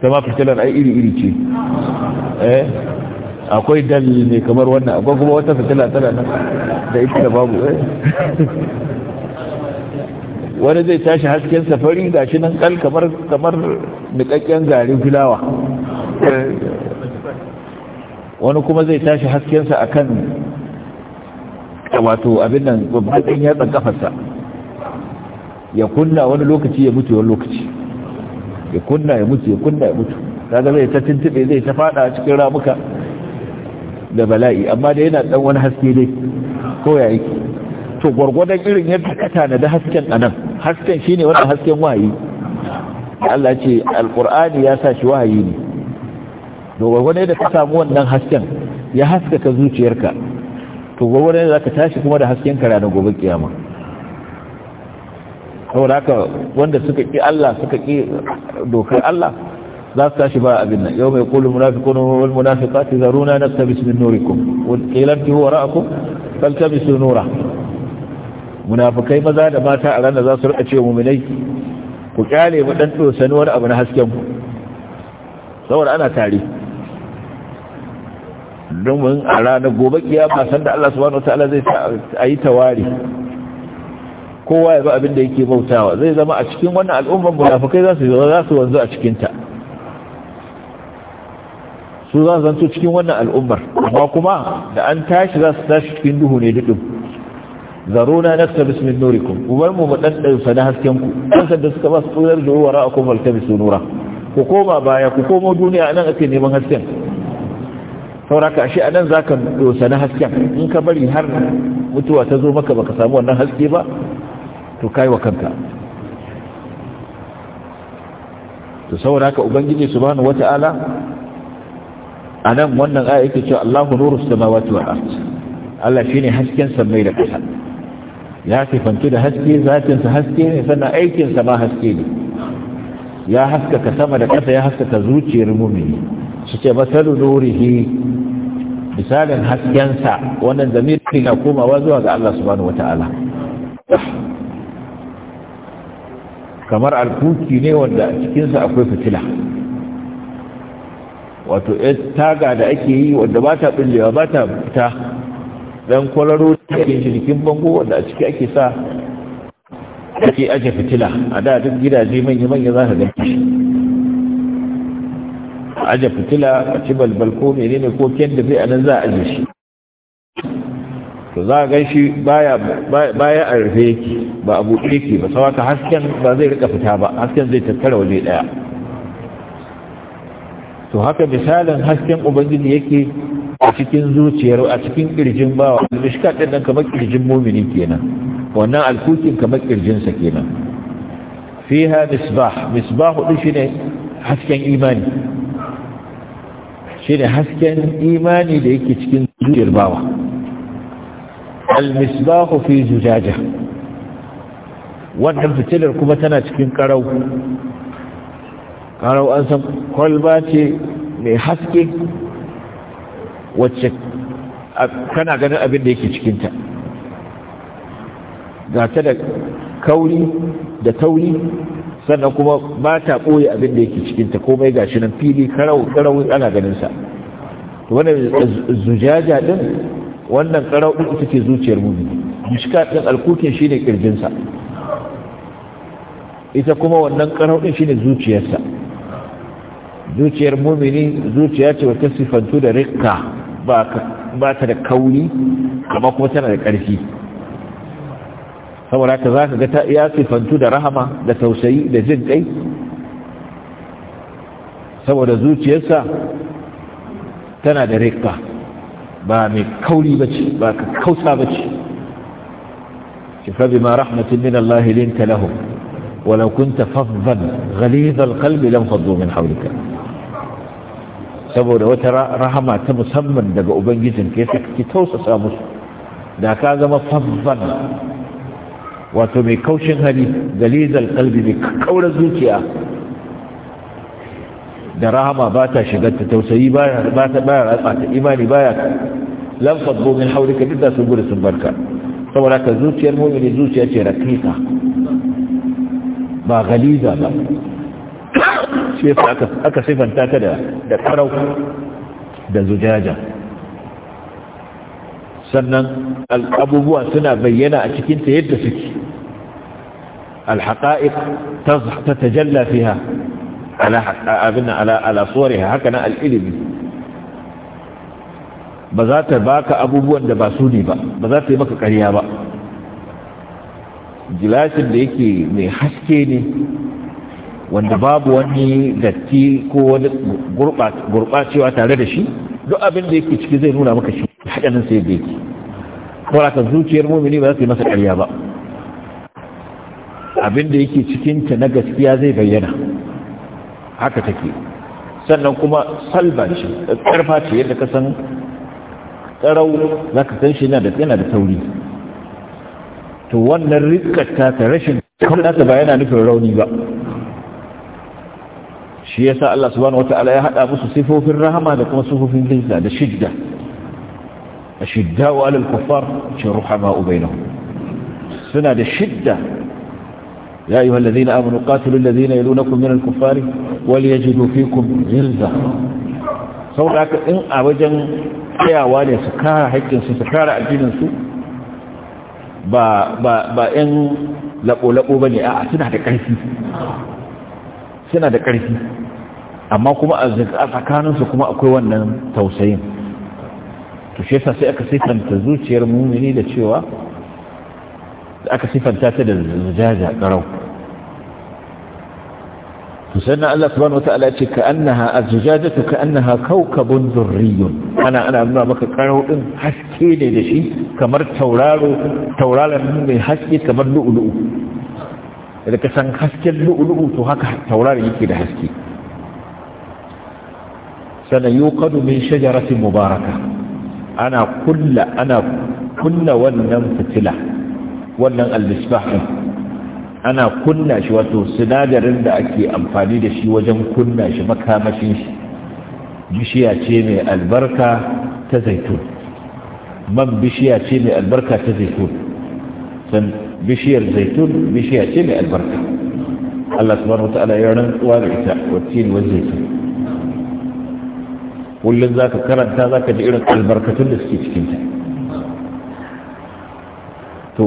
ma fitilar ai iri-iri ce eh akwai dal ne kamar wannan akwai kuma wata fitila tana nan da ita da babu eh wani zai tashi hasken safari ga shi nan kal kamar kamar nikakken garin filawa eh. wani kuma zai tashi haskensa akan wato abin nan babban ɗin yatsan kafarsa ya kunna wani lokaci ya mutu wani lokaci ya kunna ya mutu ya kunna ya mutu zama zai ta tuntube zai ta fada cikin ramuka da bala'i amma da yana dan wani haske dai ko ya yake to gwargwadon irin yadda ka da hasken anan hasken shine wannan hasken wahayi Allah ce Alƙur'ani ya sa shi wahayi ne to gwargwadon yadda ka samu wannan hasken ya haskaka zuciyarka to wani za ka tashi kuma da hasken kara na gobe kiyama da haka wanda suka ƙi Allah suka ƙi dokar Allah za su tashi ba abin nan yau mai kulu na wal munafiqati zaruna naftabis min nurikum wa ku Kan ra'akum faltabisu nura munafikai maza da mata a ranar za su rika ce mu'minai ku ƙyale mu ɗan dosani wani abu na hasken ku saboda ana tari. domin a ranar gobe kiyama sanda Allah subhanahu wataala zai yi tawari kowa ya ba abin da yake bautawa zai zama a cikin wannan al'ummar munafikai za su za su wanzu a cikin ta su za su zanto cikin wannan al'ummar amma kuma da an tashi za su tashi cikin duhu ne dudu zaruna nafsa bismin nurikum ubar mu dan dan sana hasken ku dan da suka ba su tsoyar da wara akum waltabisu nura ku koma baya ku komo duniya nan ake neman hasken sauraka ashe a nan za ka dosa na hasken in ka bari har mutuwa ta zo maka baka samu wannan haske ba to kai wa kanka to sauraka ubangiji su subhanahu wata'ala a nan wannan aya yake cewa Allahu nuru Sama wal ard Allah shi ne hasken samai da ƙasa ya sifantu da haske zatin haske ne sannan aikinsa ma haske ne ya haskaka sama da ƙasa ya haskaka zuciyar mumini su ce masalu nurihi misalin haskensa wannan zamirin na komawa zuwa ga Allah subhanahu wata'ala kamar alkuki ne wanda a cikinsa akwai fitila wato ya taga da ake yi wanda ba ta ɓullewa ba ta fita don kwararo ta yin shirikin bango wanda a ciki ake sa ake aje fitila a da duk gidaje manya-manya za ka gani aje fitila a ci balbal ko ne ko kyan da zai a nan za a shi to za a gan shi baya a rufe yake ba a buɗe yake ba sau haka hasken ba zai rika fita ba hasken zai tattara waje ɗaya to haka misalin hasken ubangiji yake a cikin zuciyar a cikin kirjin bawa mishka ɗin nan kamar kirjin mumini kenan wannan alkukin kamar kirjinsa kenan fiha misbah misbah huɗu shine hasken imani shine hasken imani da yake cikin zuciyar bawa al-misbahu fi zujaja wannan fitilar kuma tana cikin karau karau an san kwalba ce mai haske wacce kana ganin abin da yake cikinta ga ta da kauri da tauri sannan kuma ba ta ɓoye abin da yake cikinta komai ga shi nan fili karau ana ganinsa wannan zujaja din wannan karau din ita ce zuciyar mumi mishka din shi shine ƙirjinsa. ita kuma wannan karau din shine zuciyarsa zuciyar ne zuciya ce wata sifantu da rikka ba ta da kauri amma kuma tana da ƙarfi saboda ka za ka ga ya sifantu da rahama da tausayi da jin kai saboda zuciyarsa tana da rikka ba mai kauri ba ce ba ka kausa ba ce shifa ma rahmatin min Allah linta lahum walau kunta faddan ghalizal qalbi lam faddu min hawlika saboda wata rahama ta musamman daga ubangijin ke ki tausasa musu da ka zama faddan wato mai kaushin hali galizal kalbi mai kaura zuciya da rahama ba ta shigarta tausayi ba ta baya ratsa ta imani baya lamfas gomin haurika duk da sun gudu sun barka saboda ka zuciyar mumini zuciya ce rakika ba galiza ba shi aka sifanta ta da karau da zujaja sannan abubuwa suna bayyana a cikinta yadda suke alhaƙa'iƙ ta tajalla ha abin ala tsoriha haka na al'ilimi ba za ta baka abubuwan da ba su ne ba ba za ta yi maka ƙarya ba gilashin da yake mai haske ne wanda babu wani datti ko wani gurɓacewa tare da shi duk abin da yake ciki zai nuna maka shi hakanin sai da yake kuma ka zuciyar mumini ba za su yi masa ƙarya ba abin da yake cikinta na gaskiya zai bayyana haka take sannan kuma salba shi ƙarfa ce yadda ka san tsarau za ka san shi yana da sauri. to wannan rikata ta rashin kawai ta ba yana nufin rauni ba shi ya sa Allah subhanahu wata'ala ya haɗa musu sifofin rahama da kuma sifofin jinsa da shidda ashidda'u 'alal kuffar shi ruhama'u bainahum suna da shidda ya yi يا أيها الذين آمنوا قاتلوا الذين يلونكم من الكفار وليجدوا فيكم غلظة saboda in a wajen tsayawa ne su kara haƙƙinsu su kara addininsu ba 'yan laɓo-laɓo ba ne a suna da ƙarfi suna da ƙarfi amma kuma a tsakaninsu kuma akwai wannan tausayin to shi yasa sai aka sifanta zuciyar mumini da cewa aka sifanta ta da zujaja ƙarau to sannan Allah subhanahu wataala ya ce ka annaha azjajatu ka annaha kawkabun durriyun ana ana nuna maka karau din haske ne da shi kamar tauraro tauraron mai haske kamar lu'lu'u da ka san hasken lu'ulu'u to haka taurarin yake da haske sannan domin min shajaratin mubaraka ana kulla ana kunna wannan fitila wannan al ana kunna shi wato sinadarin da ake amfani da shi wajen kunna shi makamashin shi bishiya ce mai albarka ta zaitun man bishiya ce mai albarka ta zaitun bishiyar zaitun bishiya ce mai albarka Allah subhanahu wataala ya rantsuwa da ita wacce ne wajen zaitun kullum za ka karanta za ka ji irin albarkatun da suke cikinta to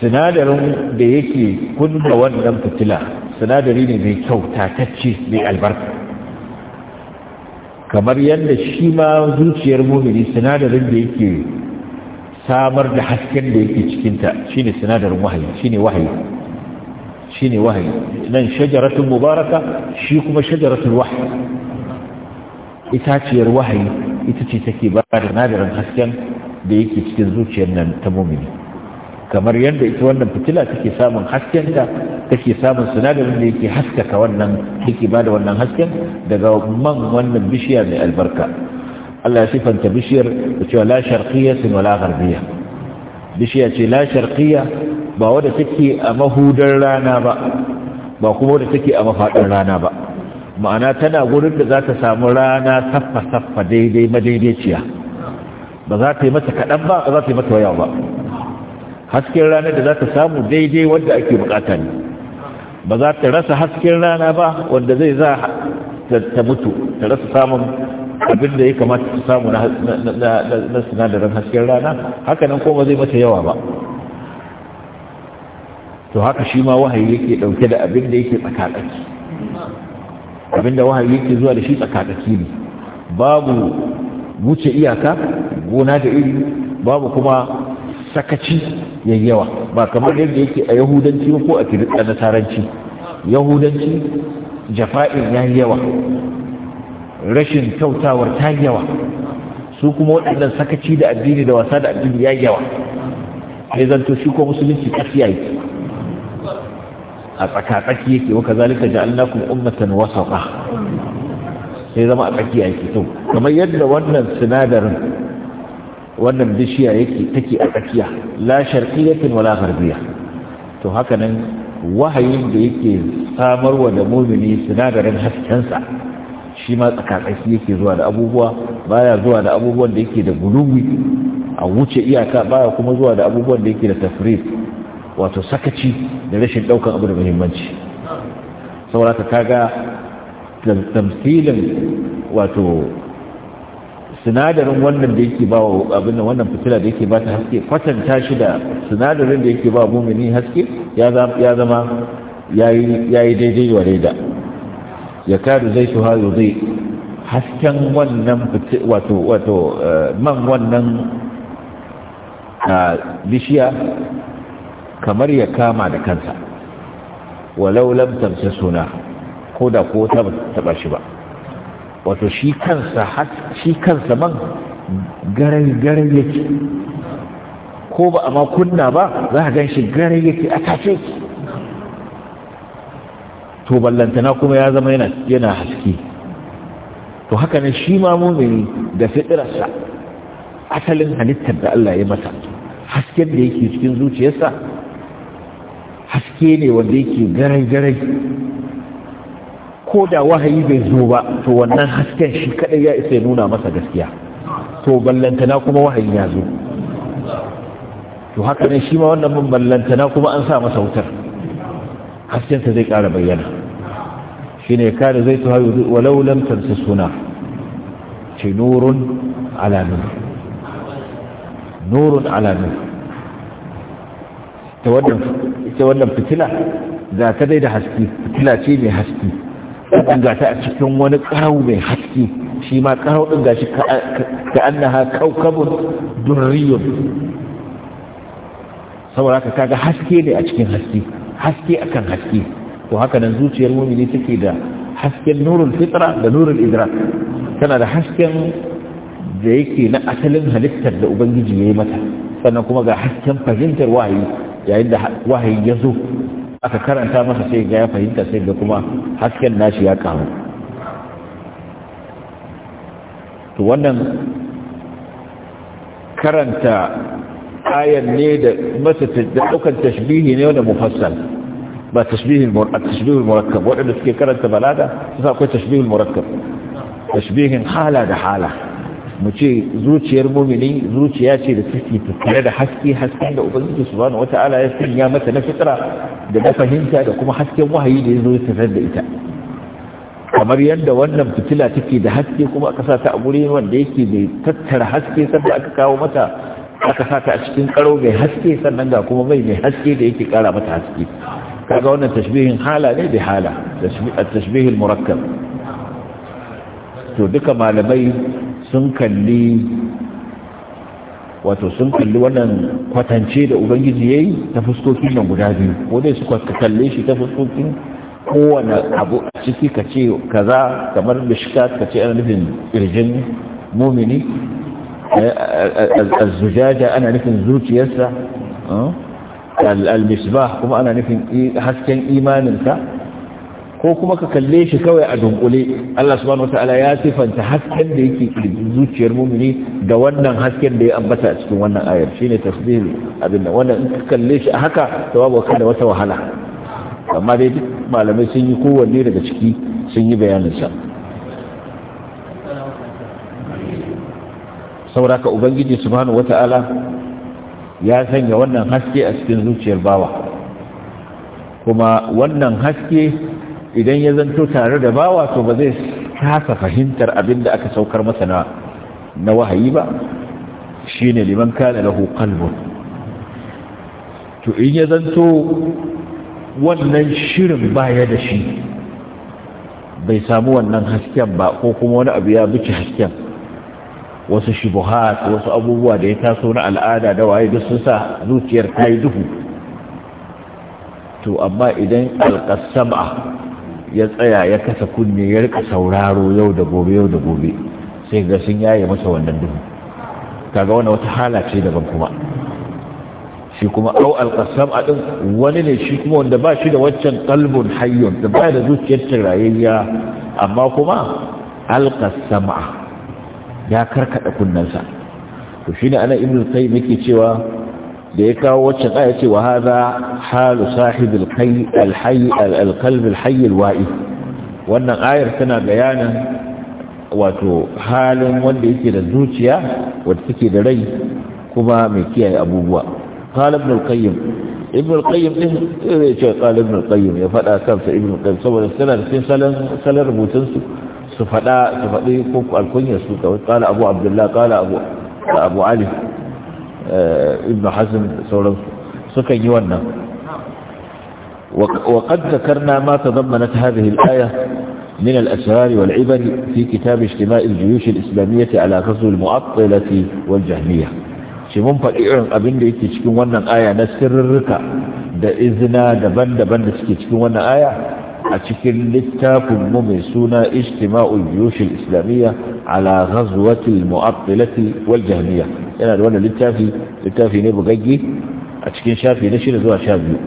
sinadarin da yake kunna wannan fitila sinadari ne mai kyau tatacce mai albarka kamar yadda shi ma zuciyar mumini sinadarin da yake samar da hasken da yake cikinta shine sinadarin wahayi shine wahayi shine wahayi nan shajaratun mubaraka shi kuma shajaratul wahyi itaciyar wahayi ita ce take ba da sinadarin hasken da yake cikin zuciyar nan ta mumini kamar yadda ita wannan fitila take samun haskenta take samun sinadarin da yake haskaka wannan yake ba da wannan hasken daga man wannan bishiya mai albarka Allah ya sifanta bishiyar da cewa la sharqiyya wala bishiya ce la sharqiyya ba wadda take a mahudar rana ba ba kuma wadda take a mafaɗin rana ba ma'ana tana gurin da za ta samu rana saffa-saffa daidai madaidaiciya ba za ta yi mata kaɗan ba ba za ta yi mata waya ba hasken rana da za ta samu daidai wanda ake bukata ne ba za ta rasa hasken rana ba wanda zai za ta mutu ta rasa samun abin da ya kamata su samu na sinadarin hasken rana haka nan kuma zai mata yawa ba to haka shi ma wahayi yake dauke da abin da yake tsakatsaki abin da wahayi yake zuwa da shi tsakatsaki ne babu wuce iyaka gona da iri babu kuma sakaci yawa. ba kamar yadda yake a yahudanci ko a kiristanci yahudanci jafa'in yayi yawa rashin kyautawar ta yawa su kuma waɗannan sakaci da addini da wasa da addini ya yawa sai zanto shi ko musulunci tafiya yake a tsakatsaki yake wa kazalika ja'alnakum ummatan wasaqa sai zama a tsakiya yake to kamar yadda wannan sinadarin wannan bishiya yake take a tsakiya la sharqiyyatin wala gharbiyya to haka nan wahayin da yake samarwa da mumini sinadarin haskensa shi ma tsakatsaki yake zuwa da abubuwa baya zuwa da abubuwan da yake da gulubi a wuce iyaka baya kuma zuwa da abubuwan da yake da tafrir wato sakaci da rashin daukan abu da muhimmanci saboda ka kaga tamsilin wato sinadarin wannan da yake ba abin wannan fitila da yake ba ta haske kwatanta shi da sinadarin da yake ba mumini haske ya zama ya yi daidai wa daida ya kadu zai su hayo zai hasken wannan wato eh, man wannan ah, bishiya kamar ya kama da kansa walau lam suna ko da ko taba shi ba wato shi kansa man garai-garai yake ko ba a makunna ba za a gan shi garai yake a tafe to ballantana kuma ya zama yana yana haske to haka ne shi ma mumini da fitrarsa asalin halittar da Allah ya masa hasken da yake cikin zuciyarsa haske ne wanda yake garai-garai ko da wahayi bai zo ba to wannan hasken shi kadai ya isa nuna masa gaskiya to ballantana kuma wahayi ya zo to haka ne shi ma wannan ballantana kuma an sa masa wutar ta zai ƙara bayyana shi ne kada zai su hayu walau lam suna ce nurun ala nur nurun ala nur ta wannan fitila ga ta dai da haske fitila ce mai haske ɗan ga ta a cikin wani ƙarau mai haske shi ma ƙarau ɗin gashi ka annaha kaukabun durriyun saboda ka kaga haske ne a cikin haske haske akan haske to haka nan zuciyar mumini take da hasken nurul fitra da nurul idrak tana da hasken da yake na asalin halittar da ubangiji ya yi mata sannan kuma ga hasken fahimtar wahayi yayin da wahayi ya zo aka karanta masa sai ga ya fahimta sai ga kuma hasken nashi ya karu to wannan karanta ayan ne da masa da daukan tashbihi ne wanda mufassal ba tashbihi murakkab wanda suke karanta balada sai akwai tashbihi murakkab tashbihin hala da hala mu ce zuciyar mumini zuciya ce da suke tattare da haske hasken da ubangiji subhanahu wata'ala ya sanya mata na fitra da na fahimta da kuma hasken wahayi da ya zo tattare da ita kamar yadda wannan fitila take da haske kuma aka sa ta a guri wanda yake mai tattara haske sanda aka kawo mata aka sata a cikin karo mai haske sannan ga kuma mai mai haske da yake kara mata haske kaga wannan tashbihin hala ne da hala tashbihin murakkab to duka malamai sun kalli wato sun kalli wannan kwatance da ubangiji yayi ta fuskokin nan guda biyu wadai su kalle shi ta fuskokin kowane abu a ciki ka ce kaza kamar bishka ka ce ana nufin kirjin mumini azzujaja ana nufin zuciyarsa al-misbah kuma ana nufin hasken imaninsa ko kuma ka kalle shi kawai a dunkule Allah subhanahu wataala ya sifanta hasken da yake zuciyar mumini da wannan hasken da ya ambata a cikin wannan ayar shine tasbih abin nan wannan in ka kalle shi haka to kada wata wahala amma dai duk malamai sun yi kowanne daga ciki sun yi bayanin sa sauraka ubangiji subhanahu wata'ala ya sanya wannan haske a cikin zuciyar bawa kuma wannan haske idan ya zanto tare da bawa to ba zai kasa fahimtar abin da aka saukar masa na na wahayi ba shine liman kana lahu qalbun to in ya zanto wannan shirin baya da shi bai samu wannan hasken ba ko kuma wani abu ya buci hasken wasu shubuhat wasu abubuwa da ya taso na al'ada da waye duk sun sa zuciyar ta yi duhu to amma idan alƙasaba ya tsaya ya kasa kunne ya rika sauraro yau da gobe yau da gobe sai ga sun yaye masa wannan duhu kaga wannan wata hala ce daban kuma shi kuma au alƙasam a ɗin wani ne shi kuma wanda ba shi da waccan kalbun hayyun da ba da zuciyar rayayya amma kuma alƙasama ya karkada kunnansa to shine ana ibnu qayyim yake cewa da ya kawo wacce aya ce wa hadha halu sahibil qayy al wa'i wannan ayar tana bayanin wato halin wanda yake da zuciya wanda take da rai kuma mai kiyaye abubuwa qala ibn qayyim qayyim din eh, ya ce qala ibn qayyim ya fada kansa ibn qayyim saboda sanar sai salar rubutun su سفداء سفدي كوكو الكنيا سوكا قال أبو عبد الله قال أبو, أبو علي ابن حزم سولو سوكا يوانا وقد ذكرنا ما تضمنت هذه الآية من الأسرار والعبر في كتاب اجتماع الجيوش الإسلامية على غزو المعطلة والجهنية شمون فإعن أبن لي تشكون وانا آية نسر الركا دا إذنا دبن دبن تشكون وانا آية a cikin littafinmu mai suna ijtima'ul juyushil islamiyya ala ghazwatil mu'attilati wal jahmiyya yana da wannan littafi littafi ne bugaggi a cikin shafi na shirin zuwa sha biyu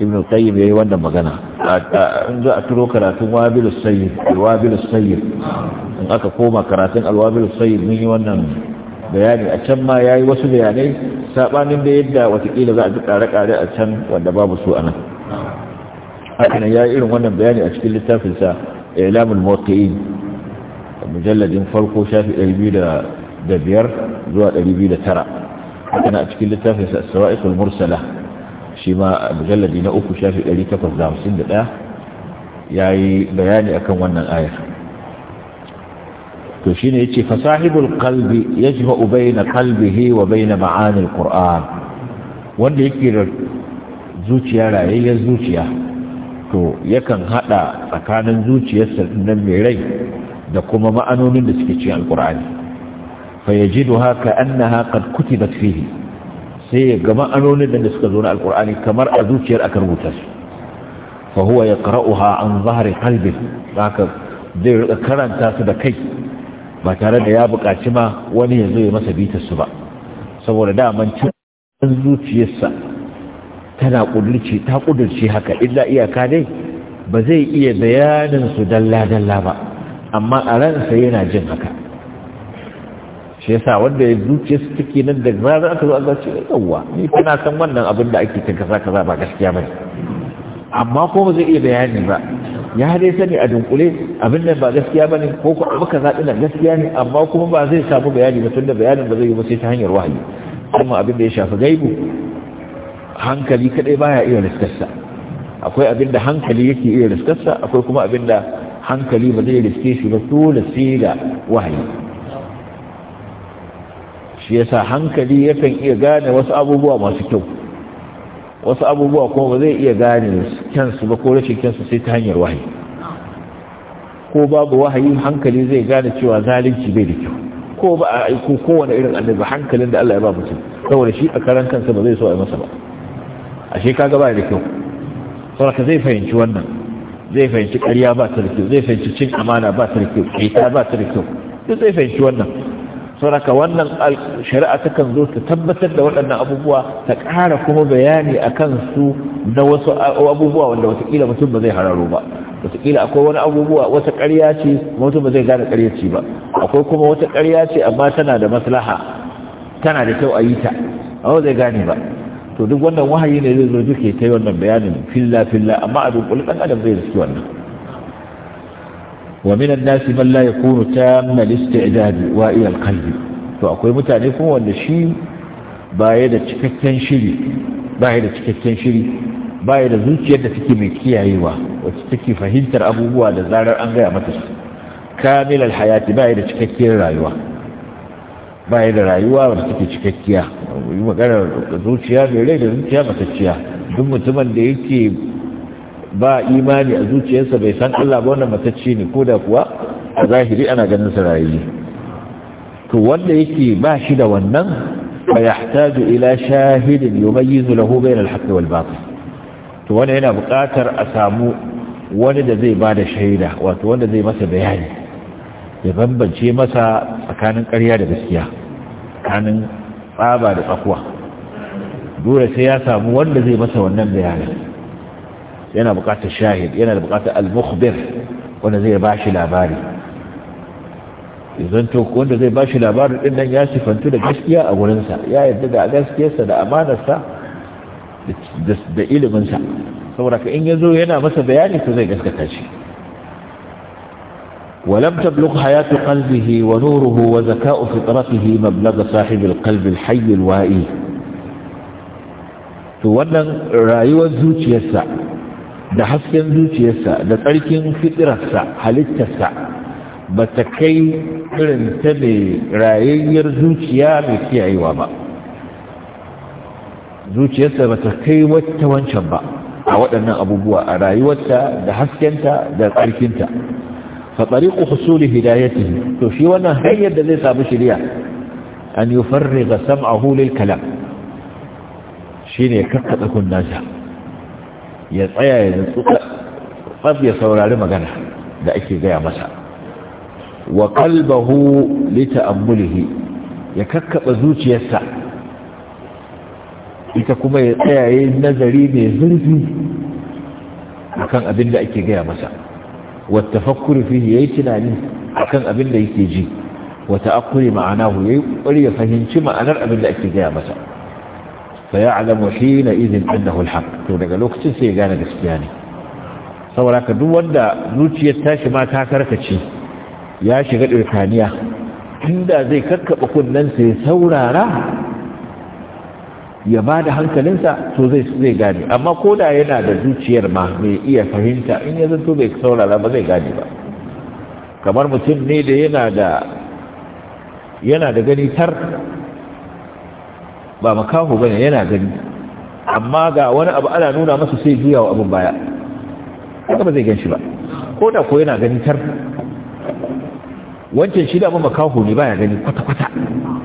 ibn qayyim yayi wannan magana in za a turo karatun wabilus sayyid alwabilus sayyid in aka koma karatun alwabilus sayyid mun yi wannan bayani a can ma yayi wasu bayanai sabanin da yadda watakila za a ji kare-kare a can wanda babu su anan. haka ya yi irin wannan bayani a cikin littafinsa, sa ilamul muwaqqi'in mujalladin farko shafi 205 zuwa 209 haka a cikin littafinsa, sa sawa'iqul mursala shi ma mujalladi na uku shafi 851 yayi bayani akan wannan ayar to shine yace fasahibul qalbi yajma'u bayna qalbihi wa bayna ma'anil qur'an wanda yake zuciya rayayyar zuciya to yakan hada tsakanin zuciyarsa nan mai rai da kuma ma'anonin da suke cin alkur'ani fa yajiduha ka annaha kuti da fihi sai ya ga ma'anonin da suka zo na alkur'ani kamar a zuciyar aka rubuta su fa huwa yaqra'uha an zahar qalbi haka zai rika karanta su da kai ba tare da ya buƙaci ma wani ya zo ya masa bitar su ba saboda daman cin zuciyarsa tana ƙudurci ta kudurci haka illa iyaka dai ba zai iya bayanin su dalla-dalla ba amma a ransa yana jin haka shi yasa wanda ya zuce su take nan da zarar aka zo aka ce yawwa ni kana san wannan abin da ake kaza kaza ba gaskiya bane amma ko ba zai iya bayani ba ya dai sani a dunkule abin nan ba gaskiya bane ko ko abu kaza din gaskiya ne amma kuma ba zai samu bayani ba tunda bayanin ba zai yi ba sai ta hanyar wahayi kuma abin da ya shafi gaibu hankali kadai baya iya riskarsa akwai abin da hankali yake iya riskarsa akwai kuma abin da hankali ba zai riske shi ba dole sai da wahayi shi yasa hankali yakan iya gane wasu abubuwa masu kyau wasu abubuwa kuma ba zai iya gane kyansu ba ko rashin kyansu sai ta hanyar wahayi ko babu wahayi hankali zai gane cewa zalunci bai da kyau ko ba a aiko kowane irin annabi hankalin da Allah ya ba mutum saboda shi a karan kansa ba zai so a yi masa ba ashe kaga ba da kyau saboda zai fahimci wannan zai fahimci ƙarya ba ta da kyau zai fahimci cin amana ba ta da kyau ƙeta ba ta da kyau duk zai fahimci wannan saboda wannan shari'a ta kan zo ta tabbatar da waɗannan abubuwa ta ƙara kuma bayani a kan su na wasu abubuwa wanda watakila mutum ba zai hararo ba watakila akwai wani abubuwa wata ƙarya ce mutum ba zai gane ƙarya ce ba akwai kuma wata ƙarya ce amma tana da maslaha tana da kyau a yi ta amma zai gane ba to duk wannan wahayi ne zai zo duke ta yi wannan bayanin filla filla amma abin kulli dan adam zai riski wannan wa minan nasi man la yakunu tamma al-isti'dad wa ila al-qalbi to akwai mutane kuma wanda shi baya da cikakken shiri baya da cikakken shiri baya da zuciyar da take mai kiyayewa wacce take fahimtar abubuwa da zarar an gaya mata Kamilar kamilal hayati baya da cikakkiyar rayuwa ba da rayuwa ba take cikakkiya yi maganar zuciya mai rai da zuciya matacciya duk mutumin da yake ba imani a zuciyarsa bai san Allah ba wannan matacci ne ko da kuwa a zahiri ana ganin sa rayi to wanda yake ba shi da wannan fa yahtaju ila shahidin yumayyizu lahu bayna al-haqqi wal batil to yana buƙatar a samu wani da zai bada shaida wato wanda zai masa bayani ya bambance masa tsakanin ƙarya da gaskiya tsakanin tsaba da tsakuwa dole sai ya samu wanda zai masa wannan bayanin yana buƙatar shahid yana da buƙatar al-mukhbir wanda zai ba shi labari to wanda zai ba shi labarin din nan ya sifantu da gaskiya a wurinsa ya yarda da gaskiyarsa da amanarsa da iliminsa saboda ka in ya zo yana masa bayani to zai gaskata shi ولم تبلغ حياة قلبه ونوره وذكاء فطرته مبلغ صاحب القلب الحي الوائي to wannan rayuwar zuciyarsa da hasken zuciyarsa da tsarkin fitirarsa halittarsa ba ta kai irin ta mai rayayyar zuciya mai kiyayewa ba zuciyarsa ba ta kai wata wancan ba a waɗannan abubuwa a rayuwarta da haskenta da tsarkinta fa tariqu husuli hidayatihi to shi wannan hanyar da zai samu shiriya an yufarriga sam'ahu lil kalam shine kakkada kunnansa ya tsaya ya tsuka tsaf ya saurari magana da ake gaya masa wa qalbahu li ta'ammulihi ya kakkaba zuciyarsa ita kuma ya tsaya nazari mai zurfi akan abin da ake gaya masa wa tafakkuri fihi yayi tunanin akan abin da yake ji wata akuri ma'anahu yayi kokari fahimci ma'anar abin da ake gaya masa fa ya'lamu hina idhin annahu al-haq to daga lokacin sai ya gane gaskiya ne saboda ka duk wanda zuciyar tashi ma ta karkace ya shiga dirkaniya inda zai kakkaɓa kunnensa ya saurara ya ba da hankalinsa to zai zai gane amma ko da yana da zuciyar ma mai iya fahimta in ya zanto bai saurara ba zai gane ba kamar mutum ne da yana da yana da gani tar ba makahu bane yana gani amma ga wani abu ana nuna masa sai juya wa abin baya haka ba zai gan shi ba ko da ko yana gani tar wancan shi da makaho ne baya gani kwata-kwata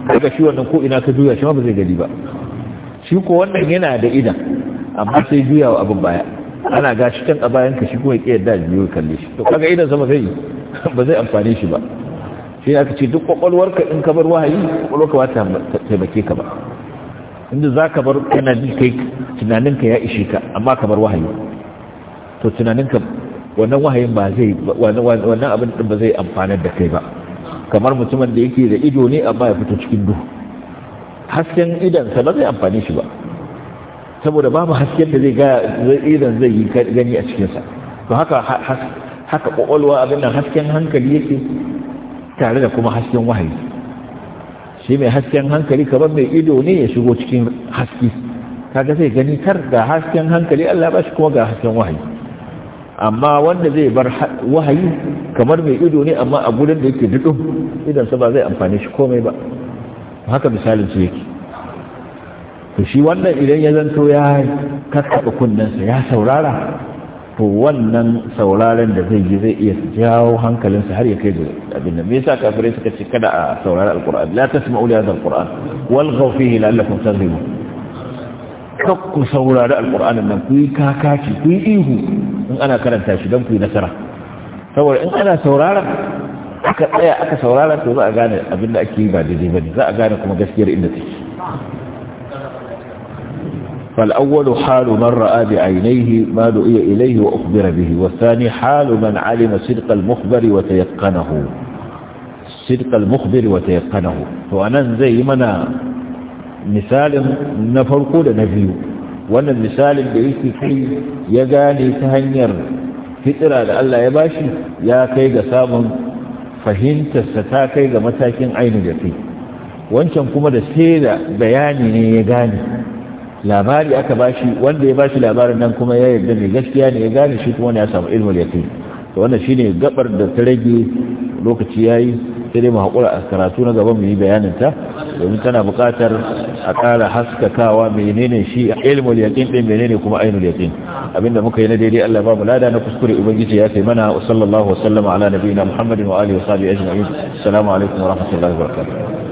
daga shi wannan ko ina ka juya shi ma ba zai gani ba shi ko wannan yana da idan amma sai juya wa abin baya ana gashi can a bayan ka shi kuma ya yadda da biyu kalle shi to kaga idan sama zai ba zai amfane shi ba shi aka ce duk kwakwalwarka in ka bar wahayi kwakwalwarka ba ta taimake ka ba inda za ka bar kana ji kai tunaninka ya ishe ka amma ka bar wahayi to tunaninka wannan wahayin ba zai wannan abin din ba zai amfanar da kai ba kamar mutumin da yake da ido ne amma ya fito cikin duhu hasken idansa ba zai amfani shi ba saboda babu hasken da zai ga idan zai yi gani a cikinsa to haka haka kwakwalwa abin nan hasken hankali yake tare da kuma hasken wahayi shi mai hasken hankali kamar mai ido ne ya shigo cikin haske kaga zai gani kar ga hasken hankali Allah ba shi kuma ga hasken wahayi amma wanda zai bar wahayi kamar mai ido ne amma a gurin da yake dudu idan sa ba zai amfani shi komai ba haka misalin su yake to shi wannan idan ya zanto ya kakkaɓa kunnensa ya saurara to wannan sauraren da zai yi zai iya jawo hankalinsa har ya kai da abin da me yasa kafirai suka ce kada a saurari alkur'an la tasma'u li hadha alkur'an wal ghawfihi la'allakum tadhlimun kakku saurari alkur'an nan ku yi kakaci ku yi ihu in ana karanta shi dan ku yi nasara saboda in ana saurara aka tsaya aka saurara to za a gane abin da ake yi ba daidai ba za a gane kuma gaskiyar inda take فالأول حال من رأى بعينيه ما دعي إليه وأخبر به والثاني حال من علم صدق المخبر وتيقنه صدق المخبر وتيقنه وأنا زي منا مثال نفرق نبيه وأنا المثال اللي يكي في يقاني تهنير فترة لألا يباشي يا كيد سامن fahimtarsa ta kai ga matakin ainihin da kai wancan kuma da sai da bayani ne ya gane labari aka bashi wanda ya bashi labarin nan kuma ya yarda mai gaskiya ne ya gane shi kuma ya samu ilmul yaqin to wannan shine gabar da ta rage lokaci ya yi sai dai mu a karatu na gaba mu yi bayaninta domin tana buƙatar a ƙara haskakawa menene shi ilmul ɗin din menene kuma ainul yaƙin abinda muka yi na daidai Allah ba mu lada na kuskure ubangiji ya kai mana wa sallallahu wa sallama ala nabiyina muhammadin wa alihi wa sahbihi ajma'in assalamu alaikum wa rahmatullahi wa barakatuh